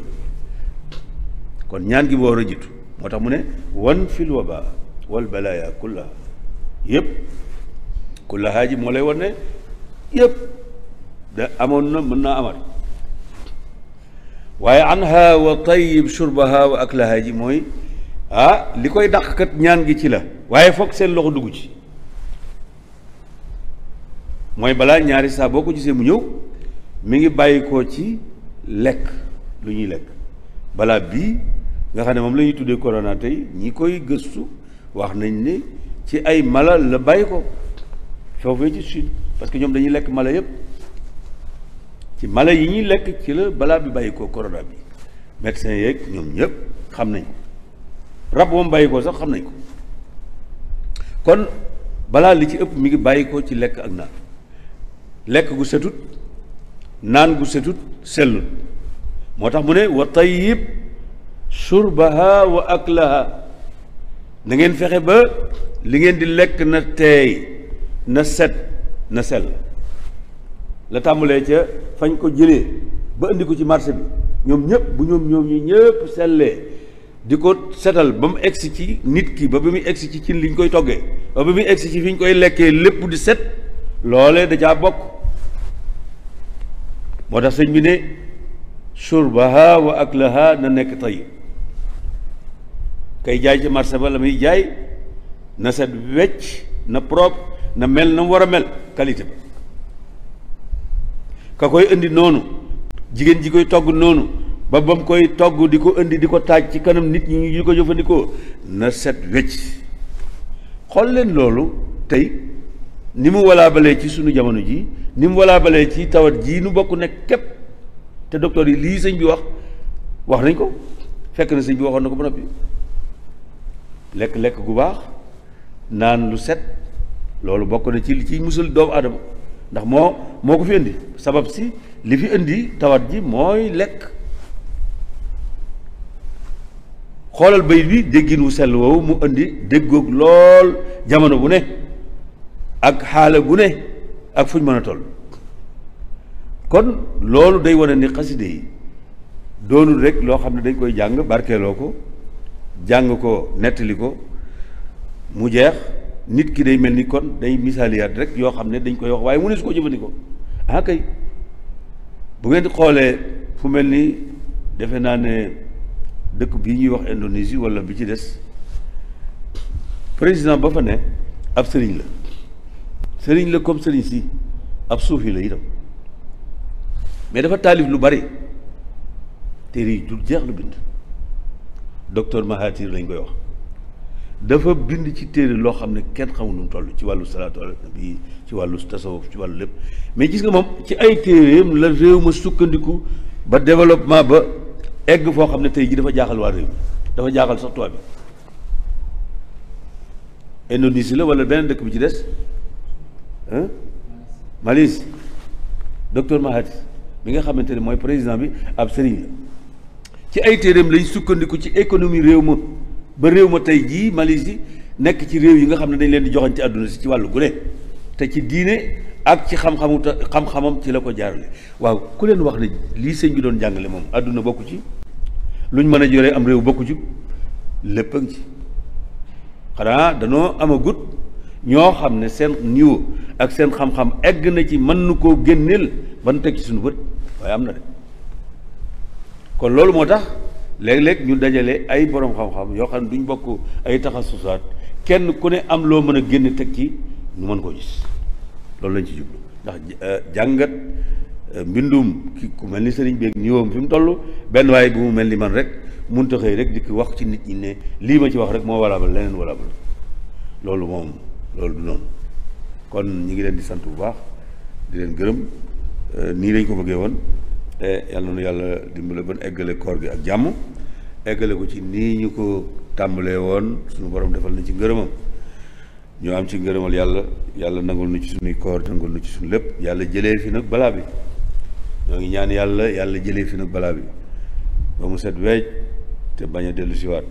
kon ñaan gi moo war moo tax mu ne wan fil waba wal balaya kullaha yépp kullahaa ji moo lay wan ne yëpp da amoon na mën naa amat waaye anha wa tayyib shurbaha wa aklaha ji mooy ah li koy dàq kat ñaan gi ci la waaye foog seen loxo dugg ci mooy balaa ñaari saa boo ko gisee mu ñëw mi ngi bàyyi ko ci lekk lu ñuy lekk balaa bii nga xam ne moom la ñuy tuddee corona tey ñi koy gëstu wax nañ ni ci ay mala la bàyyi ko foofee ci sud parce que ñoom dañuy lekk mala yëpp ci mala yi ñuy lekk ci la balaa bi bàyyi ko corona bi médecin yeeg ñoom ñëpp xam nañ ko rab bàyyi ko sax xam nañ ko kon balaa li ci ëpp mi ngi bàyyi ko ci lekk ak naan lekk gu setut naan gu setut sellut moo tax mu ne wa tayyib surbaha wa ak na ngeen fexe ba li ngeen di lekk na teey na set na sel la tàmbalee ca fañ ko jële ba indi ko ci marché bi ñoom ñëpp bu ñoom ñoom ñi ñëpp sellee di ko setal ba mu egsi ci nit ki ba ba muy egsi ci cin liñ koy toggee ba bi muy egsi ci fi ñu koy lekkee lépp di set loole da caa bokk moo tax sëñ bi ne surbaha wa aklaha na nekk tey kay jaay ci marché ba la muy jaay na set wecc na propre na mel na war a mel qualité ba ka koy indi noonu jigéen ji koy togg noonu ba bam koy togg di ko indi di ko taaj ci kanam nit ñi ñu ko jëfandikoo na set wecc xool leen loolu tey ni mu walaabalee ci sunu jamono ji ni mu wallaabalee ci tawat ji nu bokk nekk képp te docteur yi lii sëñ bi wax wax nañ ko fekk na sëñ bi waxoon na ko ba noppi lekk lekk gu baax naan lu set loolu bokk na ci li ci musal doomu adama ndax moo moo ko fi indi sabab si li fi indi tawat ji mooy lekk xoolal bayit bi déggin wu sell woowu mu indi déggook lool jamono bu ne ak xaale gu ne ak fuñ mën a toll kon loolu day wane ni xaside yi doonul rek loo xam ne dañ koy jàng barkeeloo ko jàng ko nettali ko mu jeex nit ki day mel ni kon day misaaliyaat rek yoo xam ne dañ koy wax waaye mu ne su ko jëfandikoo ah kay bu ngeen xoolee fu mel ni defe naa ne dëkk bi ñuy wax Indonésie wala bi ci des président ba fa ne ab sëriñ la sëriñ la comme sëriñ si ab suufi la itam mais dafa taalif lu bari téere yi dul jeex lu bind docteur Mahathir lañ koy wax dafa bind ci téere loo xam ne kenn xamul nu mu toll ci wàllu salaatu ala bii ci wàllu tasawuf ci wàllu lépp mais gis nga moom ci ay téereem la réew ma sukkandiku ba développement ba egg foo xam ne tey ji dafa jaaxal waa réew mi dafa jaaxal sax tubaab bi Indonésie la wala beneen dëkk bi ci des ah Malaisie docteur Mahathir nga xamante ne mooy président bi ab sëriñ ci ay téeréem lañ sukkandiku ci économie réew ma ba réew ma tey jii Malaisie nekk ci réew yi nga xam ne dañ leen di joxañ ci àdduna si ci wàllu gune te ci diine ak ci xam-xamu xam-xamam ci la ko jaarale waaw ku leen wax ne lii sëñ bi doon jàngale moom àdduna bokku ci luñ mën a yore am réew bokku ci lépp a ngi ci xanaa danoo amagut ñoo xam ne seen niveau ak seen xam-xam egg na ci mën nu ko génneel ban teg ci suñu bët waaye am na de kon loolu moo tax léeg-léeg ñu dajale ay boroom xam-xam yoo xam ne duñ bokk ay taxasusaat kenn ku ne am loo mën a génn teg ci ñu mën koo gis loolu lañ ci jublu ndax euh, jàngat euh, mbindum ki ku mel ni sëriñ beeg ñëwam fi mu toll benn waaye bu mu mel ni man rek mënut a xëy rek di ko wax ci nit ñi ne lii ma ci wax rek moo walaabal leneen walaabal loolu moom loolu du noonu kon ñu ngi leen di sant bu baax di leen gërëm euh, nii lañ ko bëggee woon. yal na nu yàlla dimbale ba nu eggale koor gi ak jàmm eggale ko ci nii ñu ko tàmbalee woon sunu borom defal na ci ngërëmam ñoo am ci ngërëmal yàlla yàlla nangul nu ci suñuy koor nangul nu ci suñu lépp yàlla jëlee fi nag balaa bi ñoo ngi ñaan yàlla yàlla jëlee fi nag balaa bi ba mu set weej te bañ a dellu siwaat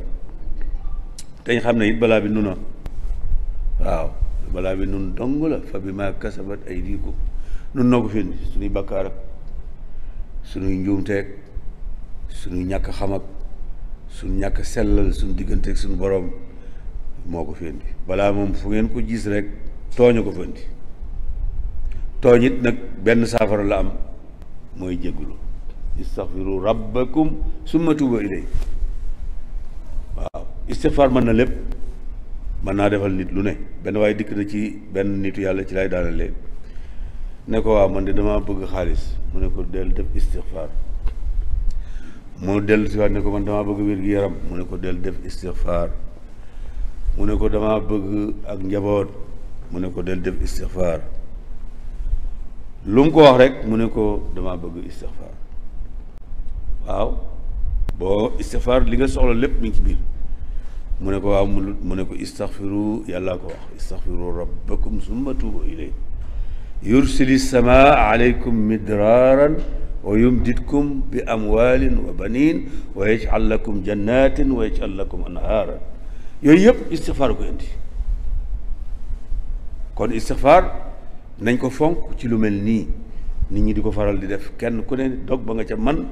te ñu xam ne it balaa bi nu na waaw balaa bi nun dong la fa bi maa kasabat ay diiku nun noo ko fi suñuy bakkaar suñuy njuumteeg suñu ñàkk xam su suñu ñàkk sellal suñu digganteeg suñu borom moo ko fi balaa moom fu ngeen ko gis rek tooña ko fa indi tooñ it nag benn saafara la am mooy jéggulu istaghfiru rabbakum summa tuuba ilay waaw istighfar mën na lépp mën naa defal nit lu ne benn waaye dikk na ci benn nitu yàlla ci lay daanale ne ko waaw man de damaa bëgg xaalis mu ne ko dellu def istixfaar mu dellu si waat ne ko man damaa bëgg wér gi yaram mu ne ko dellu def istixfaar mu ne ko damaa bëgg ak njaboot mu ne ko dellu def istixfaar lu mu ko wax rek mu ne ko damaa bëgg istixfaar waaw boo istixfaar li nga soxla lépp mu ngi ci biir mu ne ko waaw mu ne ko istaxfiru yàllaa ko wax istaxfiru rabbakum summa tuubu ilayhi yursili samaa aleykum midraaran wa yumdidkum bi amwaalin wa baniin wa yaj'al lakum jannatin wa yaj'al lakum anhaaran yooyu yëpp istixfaar ko indi kon istixfaar nañ ko fonk ci lu mel nii nit ñi di ko faral di def kenn ku ne dog ba nga ca man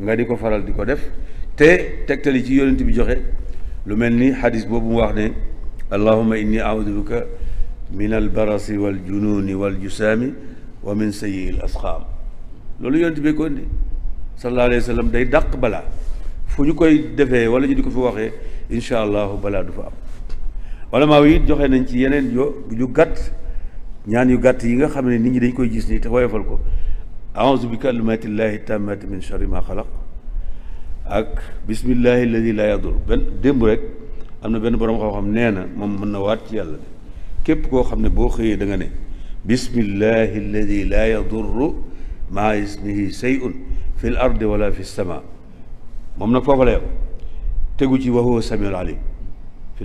nga di ko faral di ko def te tegtal yi ci yonent bi joxe lu mel ni xadis boobu mu wax ne allahumma inni a'uudu min albarasi wal junuuni wal jusaami wa min sayyi al asqaam loolu yonent bi ko indi sallallahu alayhi wa day dàq balaa fu ñu koy defee wala ñu di ko fi waxee incha allahu balaa du fa am wala maa it joxe nañ ci yeneen yo yu gàtt ñaan yu gàtt yi nga xam ne nit ñi dañ koy gis nii te woyofal ko aouzu bi kalimatillahi tammati min sharri ma xalaq ak bismillahi alladi la yadur benn démb rek am na benn borom xam-xam nee na moom mën na waat ci yàlla képp koo xam ne boo xëyee danga ne bismillahi alladi laa yadurru maa ismihi shay'un fi l ardi wala fi sama moom nag foofa la yem tegu ci wa huwa samiul alim fi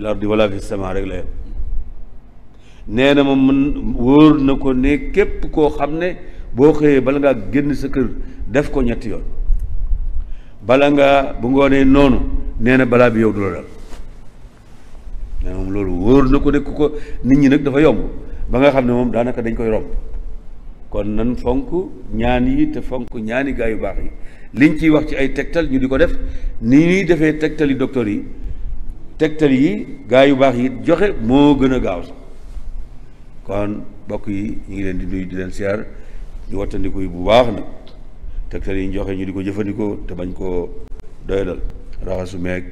nee na moom mën wóor ko ne képp koo xam ne boo xëyee bala ngaa génn sa kër def ko ñetti yoon bala nga bu ngoonee noonu nee na balaa bi yow du la dal mais moom loolu wóor na ko ne ko nit ñi nag dafa yomb ba nga xam ne moom daanaka dañ koy romb kon nan fonk ñaan yi te fonk ñaani gaa yu baax yi liñ ciy wax ci ay tegtal ñu di ko def ni ñuy defee tegtali yi yi tegtal yi gaa yu baax yi joxe moo gën a gaaw sax kon mbokk yi ñu ngi leen di nuyu di leen siyaar ñu wattandiku bu baax nag tegtal yi joxe ñu di ko jëfandikoo te bañ koo doyadal raxasu meeg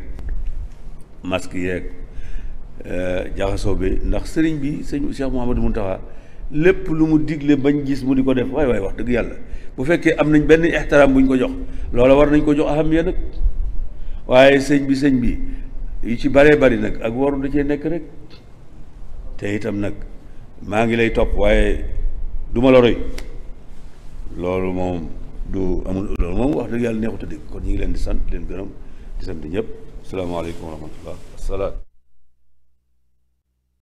masque yeeg Euh, jaxasoo bi ndax sëriñ bi sëñ Cheikh Mouhamadou Mountakha lépp lu mu digle bañ gis mu ni ko def waay waay wax dëgg yàlla bu fekkee am nañ benn ixtiraam bu ñu ko jox loola war nañ ko jox ahamiya nag waaye sëñ bi sëñ bi yu ci baree bari nag ak waru da cee nekk rek te itam nag maa ngi lay topp waaye duma ma la roy loolu moom du amul loolu moom wax dëgg yàlla neexut a kon ñu ngi leen di sant leen gërëm di sant ñëpp asalaamaaleykum wa